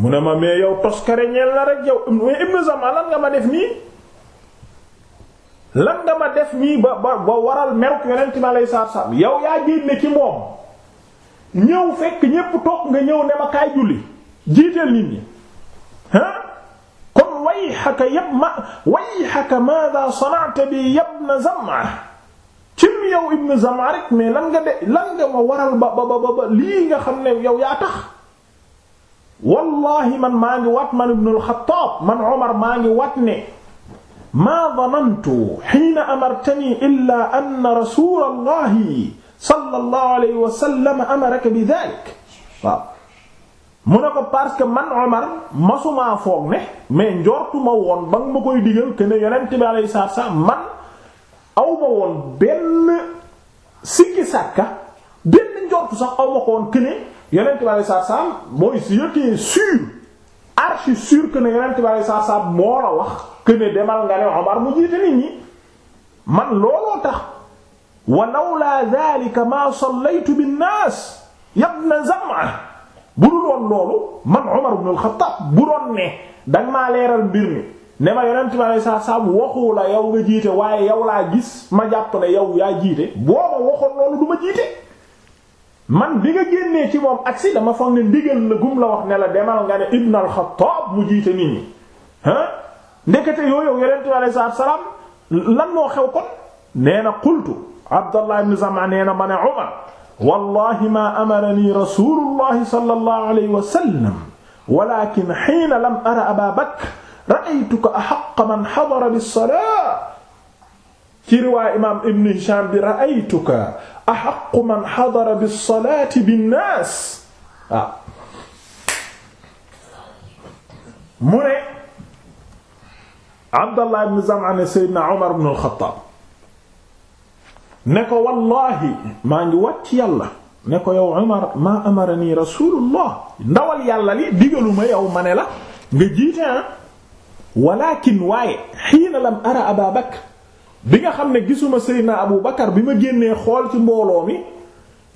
mu ne ma mais yow toskare ñeel na rek yow ibn zamaa lan ma def mii lan nga ma def mii ba ba ba waral meruk yonent mi aleyhi salaatu salaam yow yaa génne ci moom ñëw fekk ñépp toog nga ñëw ne ma kaay julli jiiteel nit ñi ah kon wayxaka yab ma wayxaka maada sana'ta bi yabna Zam'a cim yow ibn Zam'a rek mais lan nga de lan nga ma waral lii nga xam ne yow yaa tax wallahi man maa ngi wat man ibn al-Khattab man Umar maa ngi wat ne maa danantu hiina amartani illa anna rasulallahi sallallahu alayhi bi dalik waaw mu ne ko parce que man Omar masumaa foog ne mais njortuma woon ba nga ma koy digal que ne bi alayhi salaam man awma woon benn sikki sàkka benn njortu sax awma ko woon que ne bi alayhi salaam mooy si yëkkee sûr archi sûr que ne bi alayhi salaam moo la wax que demal nga ne Omar mu jiite nit ñi man looloo tax. wa lawlaa daalika maa sallaytu binnaas ya ibna Zam'a bu dul woon loolu man Umar leeral mbir mi ne ma yonent yow nga jiite waaye yow laa gis ma jàpp yow yaa jiite boo ma man bi nga génnee ci moom agsi dama foog ne ndigal la la wax ne la demal nga ne ibn al-Khattab mu jiite nit ñi ndekete yooyu yonent bi alayhi salaatu salaam lan moo xew kon nee na qultu Abdallah ibn Zam'a nee na ma ne Umar wallahi ma amarani rasulullahi sallallahu alayhi wa sallam walakin hiina lam ara Abaa Bakr ra'aytuka ahaqqa man hadara bis-salaa ci riwaaya imaam Ibn Hishaam bi ra'aytuka ahaqqa man hadara bis-salaati bin-naas waaw ah. mu ne Abdallah ibn Zam'a ne Seydina Umar ibn al-Khattaab ne ko wallaahi maa ngi ci yàlla ne ko yow Umar maa amarani rasulullah ndawal yàlla li digaluma yow ma ne la nga jiite ah walakin waaye xiina ara Aba bi nga xam ne gisuma Seydina Abu Bakar bi ma génnee xool ci mbooloo mi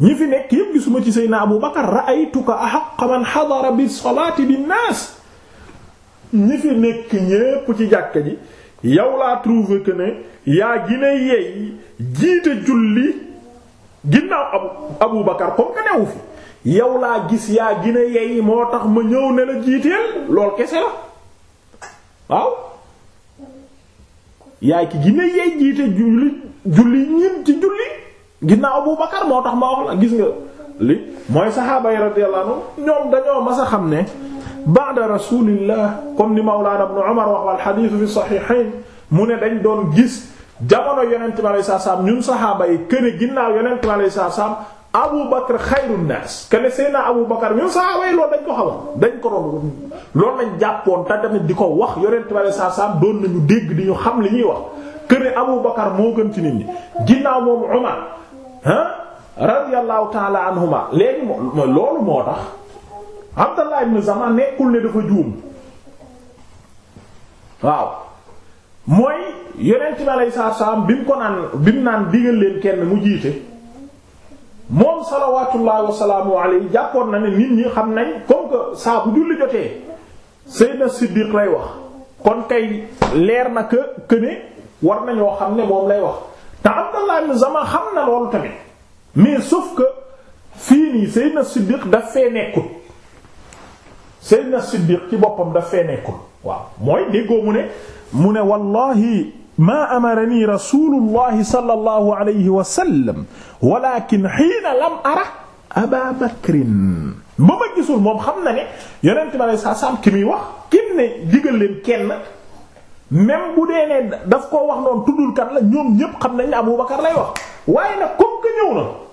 ñi fi nekk yépp gisuma ci Seydina Abu Bakar ra'aytuka ahaqqa man hadara bi salaati bin naas ñi fi nekk ñépp ci jàkka ji yow laa trouvé que ne yaa gine yeey jiite julli ginnaaw abu abu bakar comme newu fi yow laa gis yaa gina yey moo tax ma ñëw ne la jiiteel lool kese la waaw yaay ki gina yey jiite julli julli ñin ci julli ginnaaw abu bakar moo tax ma wax la gis nga li mooy saxaaba yi radiyallahu anhu ñoom dañoo mas a xam ne ba'da rasulillah comme ni mawlana ibn umar wax wal hadith fi sahihayn mu ne dañ doon gis jamono yonent bi alayhi salaam ñun saxaaba yi kër ginnaaw yonent bi alayhi salaam Abu Bakr xayru naas këne Seydina Abu bakar ñun saxaaba yi loolu dañ ko xamoon dañ ko doon loolu lañ jàppoon te di ko wax yonent bi alayhi doon nañu dégg di ñu xam li ñuy wax këne Abu Bakr moo gën ci nit ñi ginnaaw moom Umar ah radiyallahu taala anhuma léegi mooy loolu moo tax Abdallah ibn Zaman nekkul ne dafa juum waaw. mooy yonent bi aleyhi salaatu salaam bi mu ko naan bi mu naan digal leen kenn mu jiite moom salawaatullaahi wa salaamu alayhi jàppoon na ne nit ñi xam nañ comme que saa bu julli jotee Seydina Siddiq lay wax kon kay leer na que que ne war nañoo xam ne moom lay wax te Abdallah ibn Zama xam na loolu tamit mais sauf que fii nii Seydina Siddiq daf fee nekkul. Seydina Siddiq ci boppam daf fee nekkul waaw mooy déggoo mu ne mu ne wallahi maa amarani rasulullahi sallallahu alayhi wa sallam walakin hiina lam ara aba bakrin ba ma gisul moom xam na ne yonent bi alei sat ki muy wax kim ne digal leen kenn même bu dee ne daf koo wax noonu tuddul kan la ñoom ñépp xam nañ ne Abu Bakar lay wax waaye nag comme que ñëw na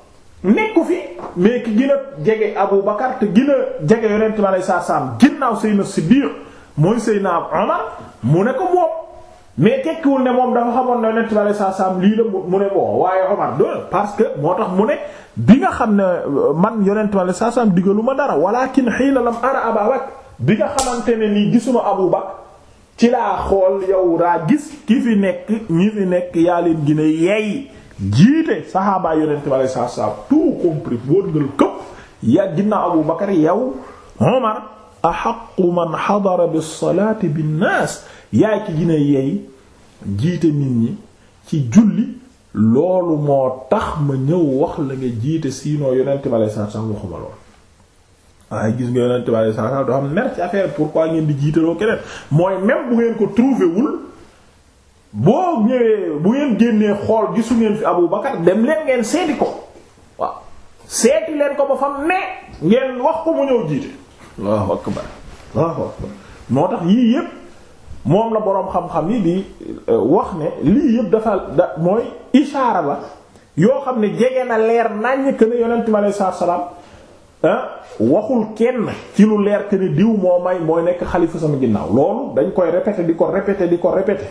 nekku fi mais ki gën a jege Abu Bakar te gën a jege yonent bi alayhi salaam ginnaaw Seydina Siddiq mooy Seydina Omar mu ne ko moom mais tekkiwul ne moom dafa xamoon na yonent bi alayhi salaam lii la mu ne boo waaye Omar do parce que moo tax mu ne bi nga xam ne man yonent bi alayhi salaam digalu ma dara walakin hiina lam ara Abaa Bakr bi nga xamante ne nii gisuma Abu Bakar ci laa xool yow raa gis ki fi nekk ñi fi nekk yaa leen gën a yeey jiite saxaabaa yonent bi alei satu salaam tout compris wóor ngal këpp ya ginnaaw Abu Bakar yow Omar axaqu man xadara bilsalaati binnaas yaay ci gina yeey jiite nit ñi ci julli loolu moo tax ma ñëw wax la nga jiite sinon yonent bi alei satu salaam waxuma lool waaye gis nga yonent bi alei satu salaam doo xam merci affaire pourquoi ngeen di jiitaloo keneen mooy même bu ngeen ko trouvé boo ñëwee bu ngeen génnee xool gisu ngeen fi Abu Bakar dem leen ngeen seeti ko waaw seeti leen ko ba fa ne ngeen wax ko mu ñëw jiite Allahu akbar Allahu akbar moo tax yii yépp moom la boroom xam-xam yi di euh, wax ne lii yépp dafa da mooy ishaara la yoo xam ne jege na leer naññ que ne yonent mi alayhi salaatu salaam waxul kenn ci lu leer que ne diw moo may mooy nekk xalifa sama ginnaaw loolu dañ koy répéter di ko répéter di ko répéter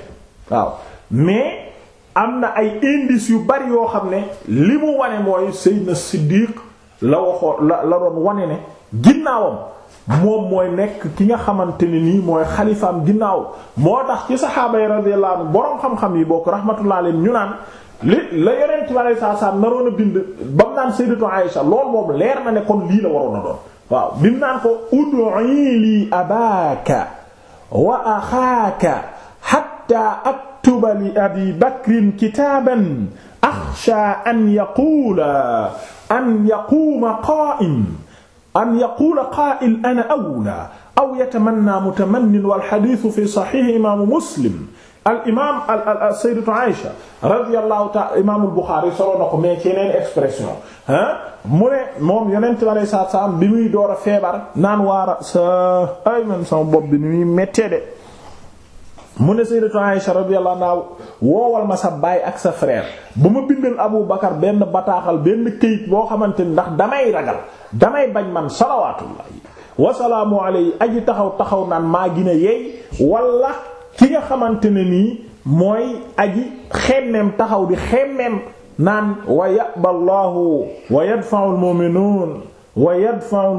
waaw mais am na ay indices yu bari yoo xam ne li mu wane mooy Seydina Siddiq la waxoon la la doon wane ne ginnaawam moom mooy nekk ki nga xamante ne nii mooy xalifaam ginnaaw moo tax ci saxaaba yi radiyallahu anhu boroom xam-xam yi bokk rahmatullah alayhim ñu naan li la yonent bi alayhi salaam naroon a bind ba mu naan Sayyidatu Aïsha lool moom leer na ne kon lii la waroon a doon waaw bi mu ko ud'u lii abaaka wa axaaka xatta aktuba li abi bakrin kitaaban axsha an yaquula an yaquuma qaa'im an yaquula qaa'il ana awlaa aw yatamanna mutamannin wal hadiisu fi saxiix imaamu muslim al imaam al al al sayyidatu Aïcha radiyallahu ta'ala imaamul Buxaari solo na ko mais ci yeneen expression ah mu ne moom yonent bi alayhi salaatu salaam bi muy door a feebar naan waara sa ay man sama bopp bi ni muy méttee de. mu ne sayyidatu Aisha radiyallahu anha woowal ma sa baay ak sa frère ba ma bindal Abu Bakar benn bataaxal benn këyit boo xamante ni ndax damay ragal damay bañ man salawaatullahi wasalaamu alayhi aji taxaw taxaw naan maa gine yeey wala ki nga xamante ne nii mooy aji xemmeem taxaw di xemmeem naan wa yaba wa yadfa'u al wa yadfa'u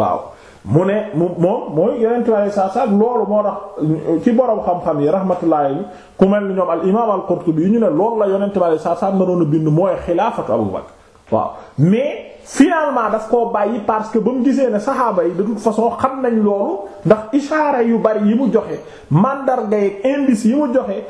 waaw mu ne moom mooy yeneen tubaab saa saa loolu moo tax ci borom xam-xam yi rahmatullahi ku mel ni ñoom al imaam al Qurtubi yu ñu ne loolu la yeneen tubaab saa saa mënoon a bind mooy xilaafatu Abu Bakr waaw mais finalement daf koo bàyyi parce que ba mu gisee ne saxaaba yi de toute xam nañ loolu ndax ishaara yu bari yi mu joxe màndarga yi indice yi mu joxe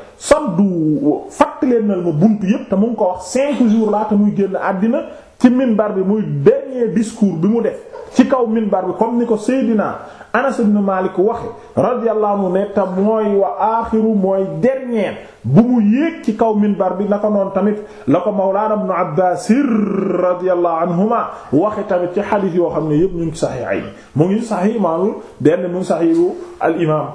du fàttali leen ma buntu yépp te mu ko wax cinq jours laa te muy génn àddina ci minbar bi muy dernier discours bi mu def ci kaw minbar bi comme ni ko Seydina Anas ibn Malik waxe radiyallahu anhu ne te mooy wa aaxiru mooy dernier bu mu yéeg ci kaw minbar bi naka noonu tamit la ko Mawlaana ibn Abbaas radiyallahu anhuma waxe tamit ci xadiis yoo xam ne yépp mu ngi saxiixay mu ngi saxiix imaamul benn mu ngi saxiixu al imaam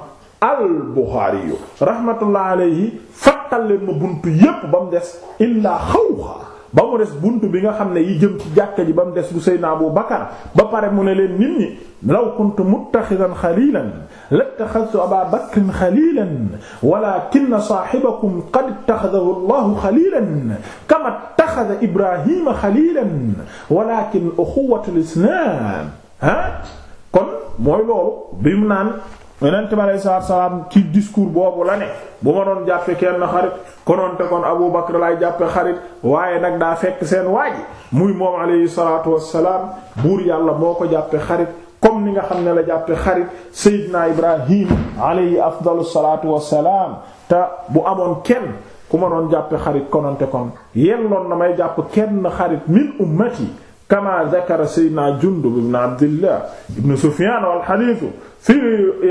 al Buxaari rahmatullahi alayhi fattal leen ma buntu yépp ba mu des illaa xawxa ba mu des buntu bi nga xam ne yi jëm ci jàkka ji ba mu des bu Seydina Abu Bakar ba pare mu ne leen nit ñi law kuntu muttaxidan xalilan lattaxadtu Abaa Bakrin xalilan walaakinna saaxibakum qad ittaxadahu Allahu xalilan kamaa ittaxada Ibraahiima xalilan walaakin uxuwatul islaam ah kon mooy loolu bi mu naan yonent bi aleyhi salaatu salaam ci discours boobu la ne bu ma doon jàppe kenn xarit konoon te kon Abu Bakr lay jàppee xarit waaye nag daa fekk seen waaji muy moom aleyhi salaatu wassalaam buur yàlla moo ko jàppe xarit comme ni nga xam ne la jàppe xarit Seydina Ibrahim aleyhi afdalu salaatu wassalaam te bu amoon kenn ku ma doon jàppe xarit konoon te kon yelloon na may jàpp kenn xarit min ummati kama dakara sayyidina Jundub ibn Abdillah ibn Sufyan wal hadith fi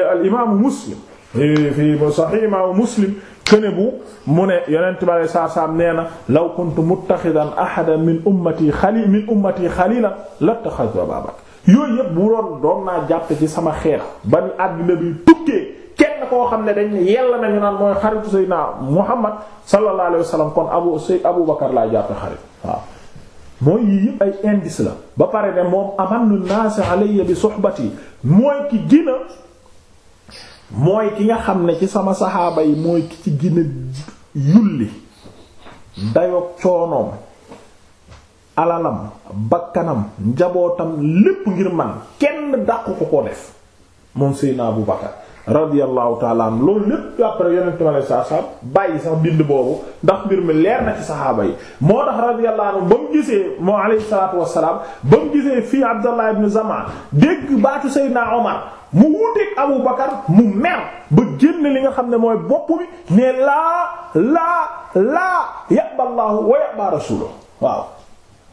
al imam Muslim fi sahih imam Muslim kene bu mu ne yonent bi alayhi salaatu salaam nee na law kuntu muttaxidan ahadan min ummati xalil min ummati xalila lattaxadtu Abaa Bakr yooyu yëpp bu doon doon naa jàpp ci sama xeer ba ni àddina bi tukkee kenn koo xam ne dañ ne yella nañu naan mooy xaritu Seydina Muhammad sallallahu alayhi wa sallam kon Abu Seydina Abu Bakr laa jàppe xarit waaw mooy yii yëpp ay indice la ba pare ne moom amannu naas alayya bi suhbati mooy ki gina mooy ki nga xam ne ci sama saxaaba yi mooy ki ci gina yulli dayoog coonoom alalam bakkanam njabootam lépp ngir man kenn dàqu ko ko def moom Seydina Abu Bakar radiyallahu taala an loolu lépp après yonente mi alei satu salam bàyyi sax bind boobu ndax mbir mi leer na ci saxaaba yi moo tax radiyallahu anhu ba mu gisee moo alayhi salatu wasalaam ba mu gisee fii abdallah ibn zama dégg baatu sayyidina omar mu wuuteeg Abu Bakar mu mer ba génn li nga xam ne mooy bopp bi ne laa laa laa yàba wa yàba rasuluhu waaw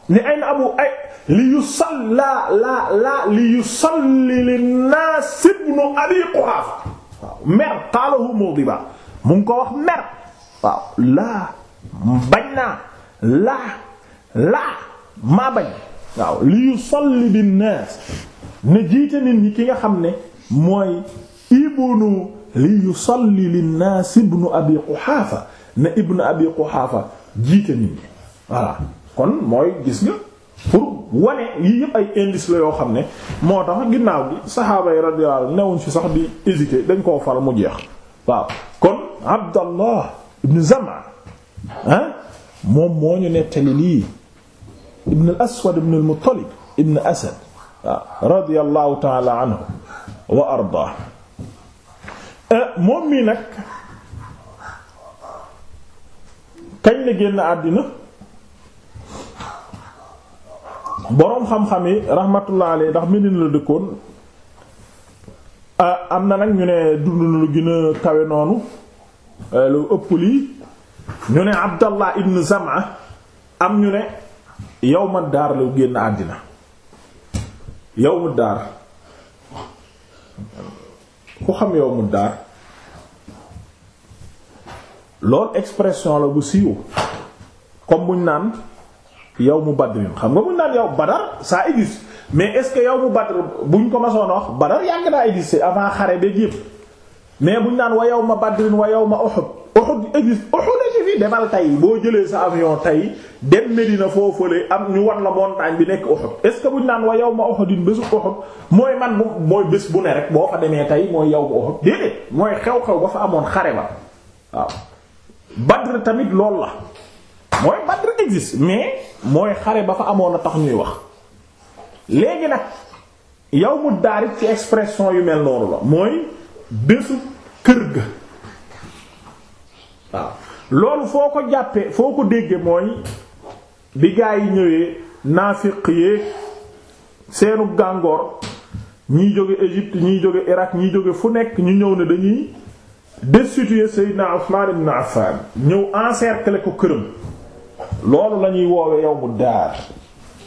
li ayn abu ay li yusalli la la la li yusalli linnaas ibnu abi quhaafa mer qaalahu mudiba mu ngi ko wax mer waaw laa bañ naa laa laa maa bañ waaw li yusalli linnaas ne jiite nit ñi ki nga xam ne mooy ibnu li yusalli linnaas ibnu abi quhaafa na ibnu abi quhaafa jiite nit ñi kon mooy gis nga pour wane yii yëpp ay indice la yoo xam ne moo tax ginnaaw gi saxaaba yi radiyallahu anhu newuñ ci sax bi hésiter dañ koo far mu jeex waaw kon Abdallah ibn Zam'a ah, moom moo ñu nettali lii ibn al-Aswad ibn al-Muttalib Asad waaw radiyallahu wa ardaa eh, moom mii nag kañ la génn àddina boroom xam-xam yi rahmatullah alayhi ndax Medina la dëkkoon ah, am na nag ñu ne dund lu gën a noonu eh, lu ëpp lii ñu ne Abdallah ibn Zam'a am ñu ne yawma daar la génn àddina yawmu daar ku xam yawmu daar loolu expression la bu siiw comme muñ naan yawmu badrin xam nga mun naan yow badar ça existe mais est-ce que yawmu bu buñ ko masoon wax badar yàgg naa exister avant xare ba jépp mais buñ naan wa yawma badrin wa yawma uhud uhud existe uhud existe demal tey boo jëlee sa avion tey dem Medina foofule am ñu wan la montagne bi nekk uhud est-ce que buñ naan wa yawma uhudin bésu uhud mooy man mooy bés bu ne rek boo fa demee tey mooy yawmu uhud déedéet mooy xew-xew ba fa amoon xare ba badr tamit lool la. mooy Badr existe mais mooy xare ba fa amoon a tax ñuy wax léegi nag yawmu daarit ci expression yu mel noonu la mooy bésu kër ga waaw loolu foo ko jàppee foo ko déggee mooy bi gaa yi ñëwee naafiq yéeg seenu gàngoor ñii jóge Égypte ñii jóge Irak ñii jóge fu nekk ñu ñëw na dañuy destituer Seydina Usmaan ibn Affan ñëw encercler ko këram loolu lañuy ñuy yow yawmu daar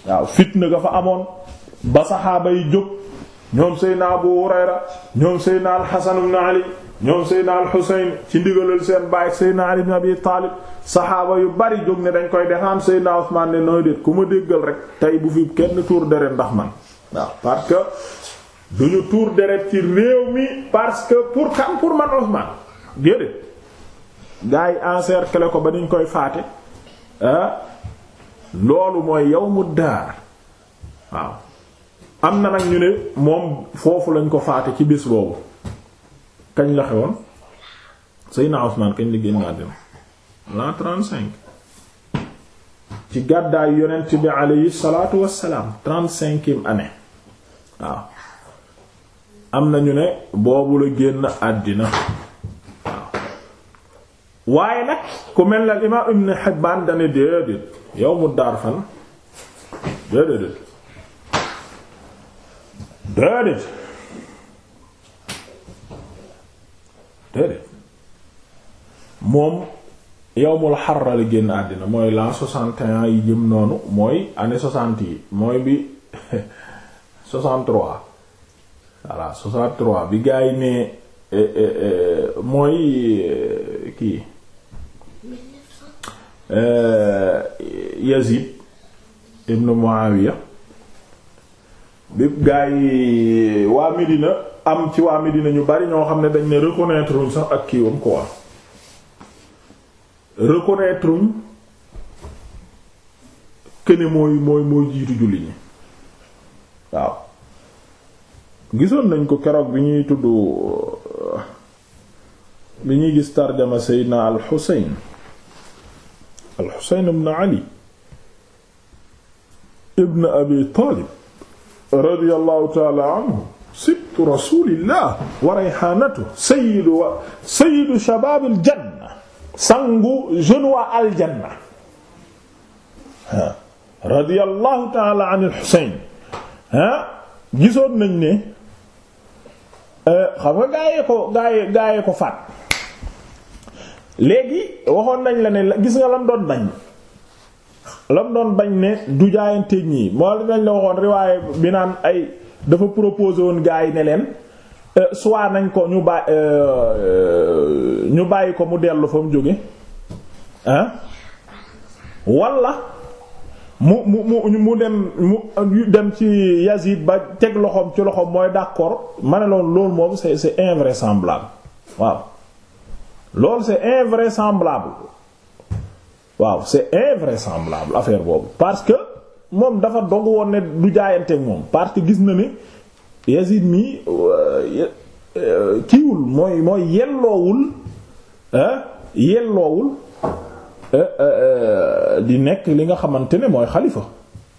waaw fitna ga fa amoon ba saxaaba yi jóg ñoom seydna Abu Hurayra ñoom seydna al-Hasan na Ali ñoom seydna al-Husayn ci ndigalal seen baay seydna Ali ibn Abi Taalib saxaaba yu bari jóg ni dañ koy defaan seydna Usmaan ne nooy déet ku ma déggal rek tey bu fi kenn tuur deret ndax man waaw parce que duñu tuur deret ci réew mi parce que pour kan pour man Usmaan déedéet gaa yi encercler ko ba niñ koy faate Ah, loolu mooy yawmu daar waaw am na nag ñu ne moom foofu lañ ko faate ci bis boobu kañ la xewoon na Usmaan kañ la génn àddina l'an 35 ci gàddaay yonent bi alayhi salaatu wassalaam 35e année waaw am na ñu ne boobu la génn àddina waaye nag ku mel ne imaam Ibn Hibbaan dane déedéet yawmu daar fan déedéet déedéet déedéet moom yawmul xarra la génn àddina mooy la 61 yi jëm noonu mooy année 60 yi mooy bi 63 *laughs* voilà 63 bi gaa yi eh, eh, eh, mooy kii Euh, Yazid ibn Muawiya bi gaa yi waa Medina am ci waa Medina ñu bari ñoo xam ne dañ ne reconnaître wuñ sax ak kiiwam ko waa reconnaître këne mooy mooy mooy jiitu julli ñi waaw gisoon nañ ko keroog bi ñuy tudd bi ñuy gis tarjama Seydina al Xuseyn al-Husayn ibn Ali ibn Abi Taalib radiyallahu ta'ala anhu sibtu rasulillah wa rayhanatu sayyidu wa sayyidu shabaab al-janna sangu jeune waa aljanna radiyallahu ta'ala an al-Husayn ah gisoon nañ ne eh, xam nga gaayee ko gaayee gaayee ko faat léegi waxoon nañ la ne gis nga lam doon bañ lam doon bañ ne du jaayanteeg ñii moo nañ la waxoon riwaaye bi naan ay dafa proposé woon gars yi ne leen euh, soit nañ ko ñu bàyyi euh, ñu bàyyi ko mu dellu fa mu jóge ah walla mu mu mu mu dem mu dem ci Yazid ba teg loxoom ci loxoom mooy d'accord ma ne loon loolu moom c'est c'est invraisemblable waaw loolu c'est invraisemblable waaw c'est invraisemblable affaire boobu parce que moom dafa dogu woon ne du jaayante moom parce que gis na ne Yazid mi euh, euh, kiiwul mooy mooy yelloowul yelloowul euh, di nekk li nga xamante ne mooy xalifa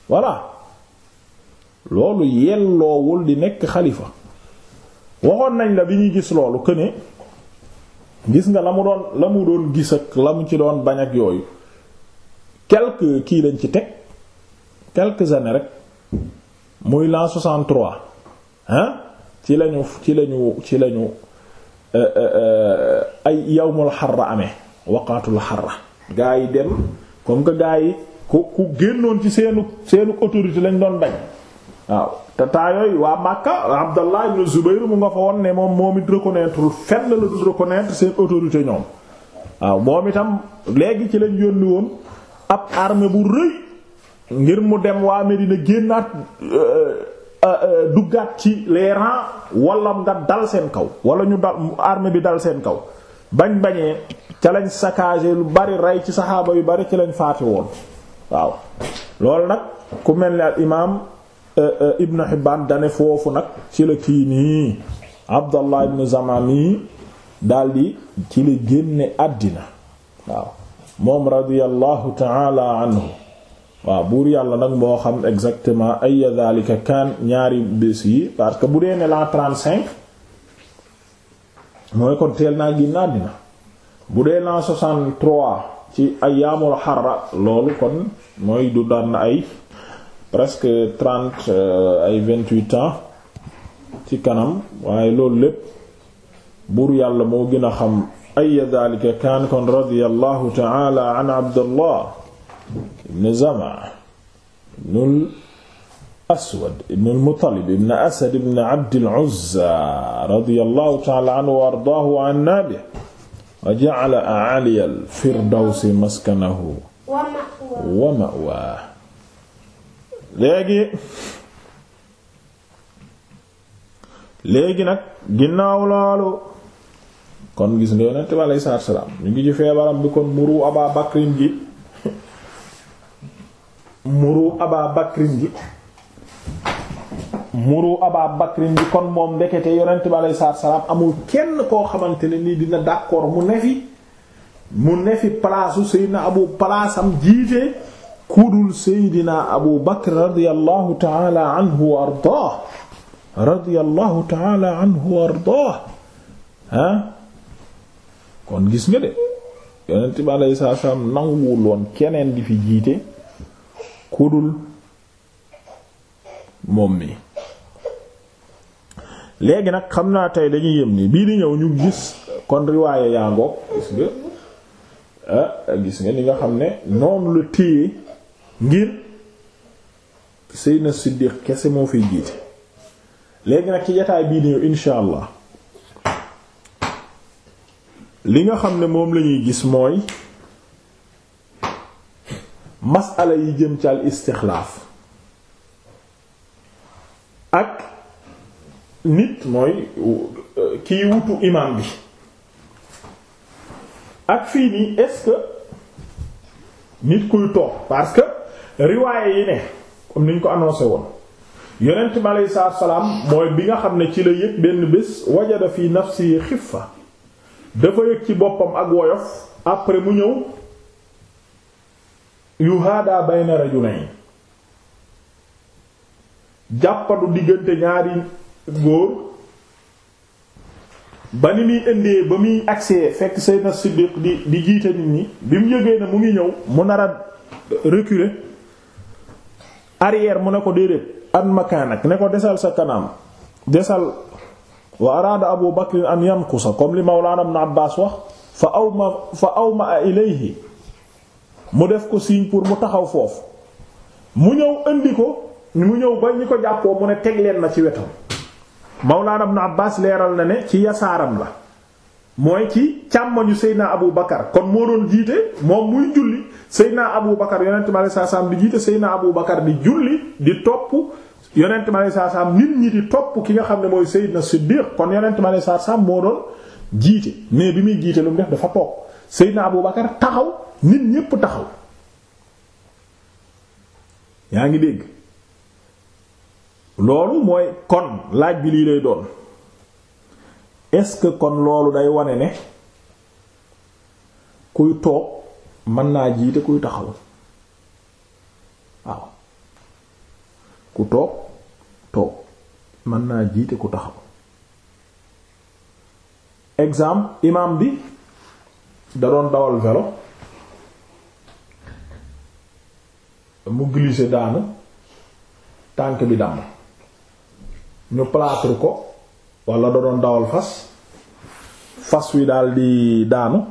voilà loolu yelloowul di nekk xalifa waxoon nañ la bi ñuy gis loolu que ne gis nga la mu doon la mu doon gis ak la mu ci doon bañ ak yooyu quelques kii lañ ci teg quelques années rek muy l'an 63 hein ci lañu ci lañu ci lañu euh, euh, euh, ay yawmul xarra amee waqaatul xarra gaa yi dem comme que gaa yi ku ku génnoon ci seenu seenu autorité lañ doon bañ waaw te taa waa Makka Abdallah ibn Zubayr mu nga fa woon ne moom moom it reconnaître fenn la du reconnaître seen autorité ñoom waaw moom itam léegi ci lañ yónni woon ab armée bu rëy ngir mu dem waa Medina génnaat euh, euh, euh, duggaat ci les rangs wala nga dal seen kaw wala ñu dal armée bi dal seen kaw bañ bañee ca lañ saccagé lu bari rey ci saxaaba yu bari ci lañ faati woon waaw loolu nag ku mel ni al imaam. Eh, eh, ibn Hibbaan dane foofu nag ci la kii nii Abdallah ibn Zamami daldi ci la génne àddina waaw moom radiyallahu ta'ala anhu waaw buur yàlla nag moo xam exactement ay dhalika kan ñaari bés yi parce que bu dee ne l'an 35 mooy kon teel naa génn àddina bu dee l'an ci ayyaamul xarra loolu kon mooy du daan ay presque trente euh, ay vingt-huit ans ci kanam waaye loolu lépp buur yàlla moo gën a xam ay daalika kaan kon radiyallahu ta'ala an abdullah ibn zama ibnul aswad ibnul muttalib ibn asad ibn abdil uzza radiyallahu ta'ala anhu wa ardaahu wa anna bihi wa ja'ala a'aliyal firdawsi maskanahu wa ma'waahu léegi léegi nag ginnaaw loolu kon gis nga yonent bi aleyhi salaatu salaam ñu ngi ci feebaram bi kon muru aba bakrin ji muru aba bakrin ji muru aba bakrin ji kon moom ndekete yonent bi aleyhi salaatu salaam amul kenn koo xamante ne nii dina d'accord mu nefi mu nefi palaasu Seydina Abu palaasam jiite kudul seydina abu bakr radiyallahu taala anhu wa ardaah radiyallahu taala kon gis nga de yonent bi alayhi salaatu salaam nanguwul keneen di fi jiite kudul moom mi léegi nag xam naa tey dañuy yem ni bii di ñëw ñu gis kon riwaaye yaa ngoog gis nga ah li nga xam ne noonu la téye ngir Seydina Siddiq kese moo fiy jiite léegi nag ci jataay bii néew insha allah li nga xam ne moom lañuy gis mooy masala yi jëm ci al ak nit mooy kiy wutu imam bi ak fii nii est nit kuy toog parce que riwaaye yi ne comme ko annoncé woon yonent bi aleyhi salaam mooy bi nga xam ne ci la yëg benn bés wajada fi nafsi xiffa dafa yëg ci boppam ak woyof après mu ñëw yuhaada bayna rajulayn jàppandu diggante ñaari góor ba ni muy indee ba muy agsee fekk Seydina Siddiq di di jiite nit ñi bi mu yëgee ne mu ngi ñëw mu nara a arrière mu ne ko déedéet an makaanak ne ko desal sa kanam desal wa araada abu bakr an yanqusa comme li mawlaana ibn abbaas wax fa awma fa awma ilayhi mu def ko signe pour mu taxaw foofu mu ñëw indi ko mu ñëw ba ñu ko jàppoo mu ne teg leen na ci wetam mawlaana na abbaas leeral na ne ci yasaaram la mooy ci càmmoñu na Abu Bakar kon moo doon jiite moom muy julli na Abu Bakar yonent mi alayhi salaam di jiite Seydina Abu Bakar di julli di topp yonent mi alayhi nit ñi di topp ki nga xam ne mooy Seydina Siddiq kon yonent mi alayhi salaam moo doon jiite mais bi muy jiite lu mu def dafa toog Seydina Abu Bakar taxaw nit ñépp taxaw yaa ngi dégg loolu mooy kon laaj bi lii lay doon est-ce que kon loolu day wane ne kuy toog mën naa jiite kuy taxaw waaw ku toog toog mën naa jiite ku taxaw exemple imam bi da doon dawal vélo mu glissé daanu tànk bi damm ñu plâtre ko wala da doon dawal fas fas wi daal di daanu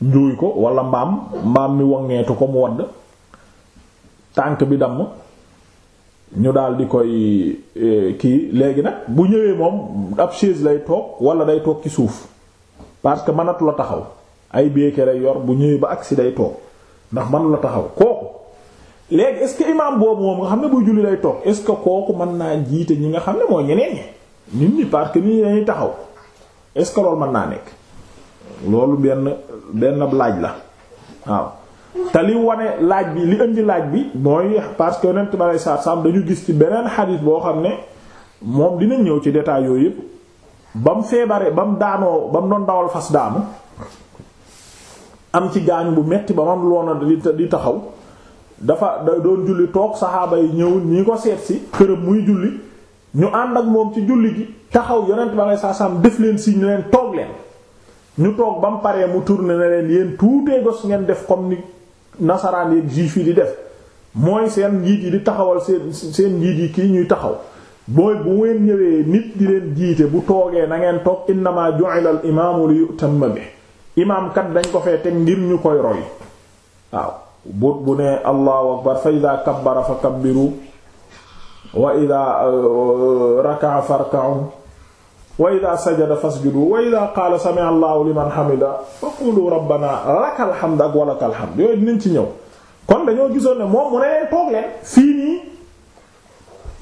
njuuy ko wala mbaam mbaam mi waŋeetu ko mu wadd tànk bi damm ñu daal di koy e, kii léegi nag bu ñëwee moom ab chaise lay toog wala day toog ci suuf parce que mënatu la taxaw ay béykat lay yor bu ñëwee ba agsi day toog ndax mënu la taxaw kooku léegi est-ce que imaam boobu moom nga xam ne buy julli lay toog est-ce que kooku mën naa jiite ñi nga xam ne moo ñeneen ñi nit ñi parce que nit ñi taxaw est-ce mën naa nekk loolu benn benn laaj la waaw te li wane laaj bi li indi laaj bi mooy parce que yonent bi saa saam dañu gis ci beneen xadiis boo xam ne moom dina ñëw ci détail yooyu yëpp ba mu feebaree ba mu daanoo ba doon dawal fas daanu am ci gaañ bu metti ba mam loona di taxaw dafa doon julli toog saxaaba yi ñëw ñi ko seet si këram muy julli ñu ànd ak moom ci julli gi taxaw yonent ba ngay saa saam def leen si ñu leen toog leen ñu toog ba mu paree mu turne na leen yéen tuutee gos ngeen def comme ni nasaraan yeeg juif yi di def mooy seen njiit yi di taxawal seen seen njiit yi kii ñuy taxaw booy bu ngeen ñëwee nit di leen jiite bu toogee na ngeen toog innama ju'ila al imaamu li bi imaam dañ ko fee teg ngir ñu koy roy waaw buut bu ne allahu akbar fa iza kabbara fa kabbiru wa ida uh, raka'a farka'u wa ida sajada fasjudu wa ida qaala sami'a allahu liman hamida faqulu rabbana lakal hamd ak wa lakal hamd yooyu dinañ ci ñëw kon dañoo gisoon ne moom mu ne leen toog leen fii nii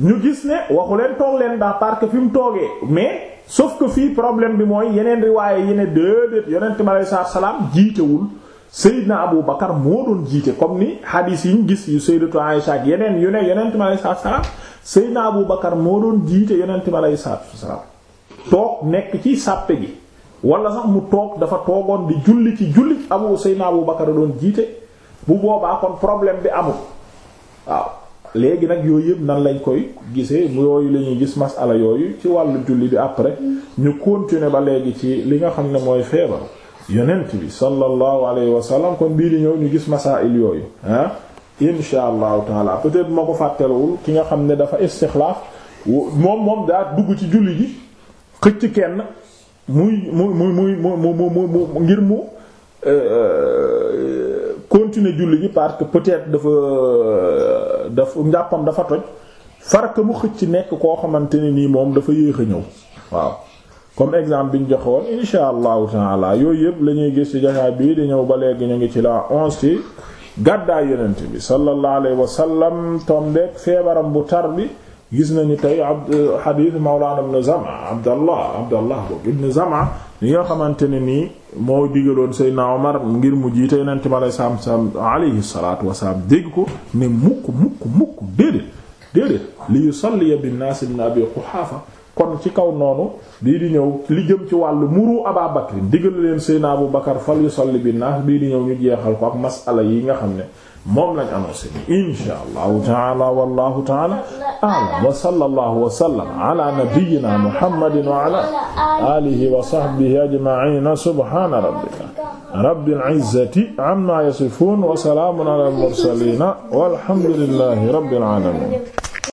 ñu gis ne waxu leen toog leen daa parce que fi mu toogee mais sauf que fii problème bi mooy yeneen riwaaye yi ne déedéet yonent bi aleyhi salaam jiitewul Seydina Abu Bakar moo doon jiite comme ni hadis yi ñu gis yu Sayyidatu Aisha yeneen yu ne yonent bi aleyhi salaatu salaam Seydina Abu Bakar moo doon jiite yonent bi aleyhi salaatu toog nekk ci sàppe gi wala sax mu toog dafa toogoon di julli ci julli ci abu Seydina Abu Bakar doon jiite bu boobaa kon problème bi amul waaw léegi nag yooyu yëpp nan lañ koy gisee yooyu la gis masala yooyu ci wàllu julli bi après ñu continuer ba léegi ci li nga xam ne mooy feebar yonent bi sallallahu alayhi wa sallam kon bii di ñëw ñu gis masail yooyu ah. insha allahu taala peut-être moo ko fàttelawul ki nga xam ne dafa istixlaaf moom moom daa dugg ci julli ji xëcc kenn muy mu mu muy mu mu mu ngir mu euh, euh, continuer julli ji parce que peut-être dafa euh, dafa njàppam dafa toj fark mu xëcc nekk koo xamante ne nii moom dafa yéex a ñëw waaw comme exemple bi ñu joxe insha allahu taala yooyu yëpp la gis ci jaxaat bii di ñëw ba léegi ñu ngi ci la onze ci gàddaay yonent bi sallallahu alayhi wa sallam tombeek feebaram bu tar bi gis nañu tey ab euh, xadiis Mawlaana ibn Zama Abdallah Abdallah boog Zama li nga xamante ne nii moo digaloon Seydina Omar ngir mu jiite yonent bi alayhi salaam salaam alayhi salaatu wa salaam dégg ko ne mukk li yusalli bin naas ibn Abi Quhaafa kon ci kaw noonu bii di ñëw li jëm ci wàll muru Abaa Bakr digal leen Seydina Abu Bakar fal yusalli bin naas bii di ñëw ñu jeexal ko ak masala yi nga xam ne moom lañ annoncé ni insha allahu taala wallahu taala a'lam wa sallallahu wa sallam ala nabiyyina muhammadin wa ala alihi wa sahbihi ajma'in subhana rabbika rabbil izzati amma yasifun wa salamun ala al mursalin walhamdulillahi rabbil alamin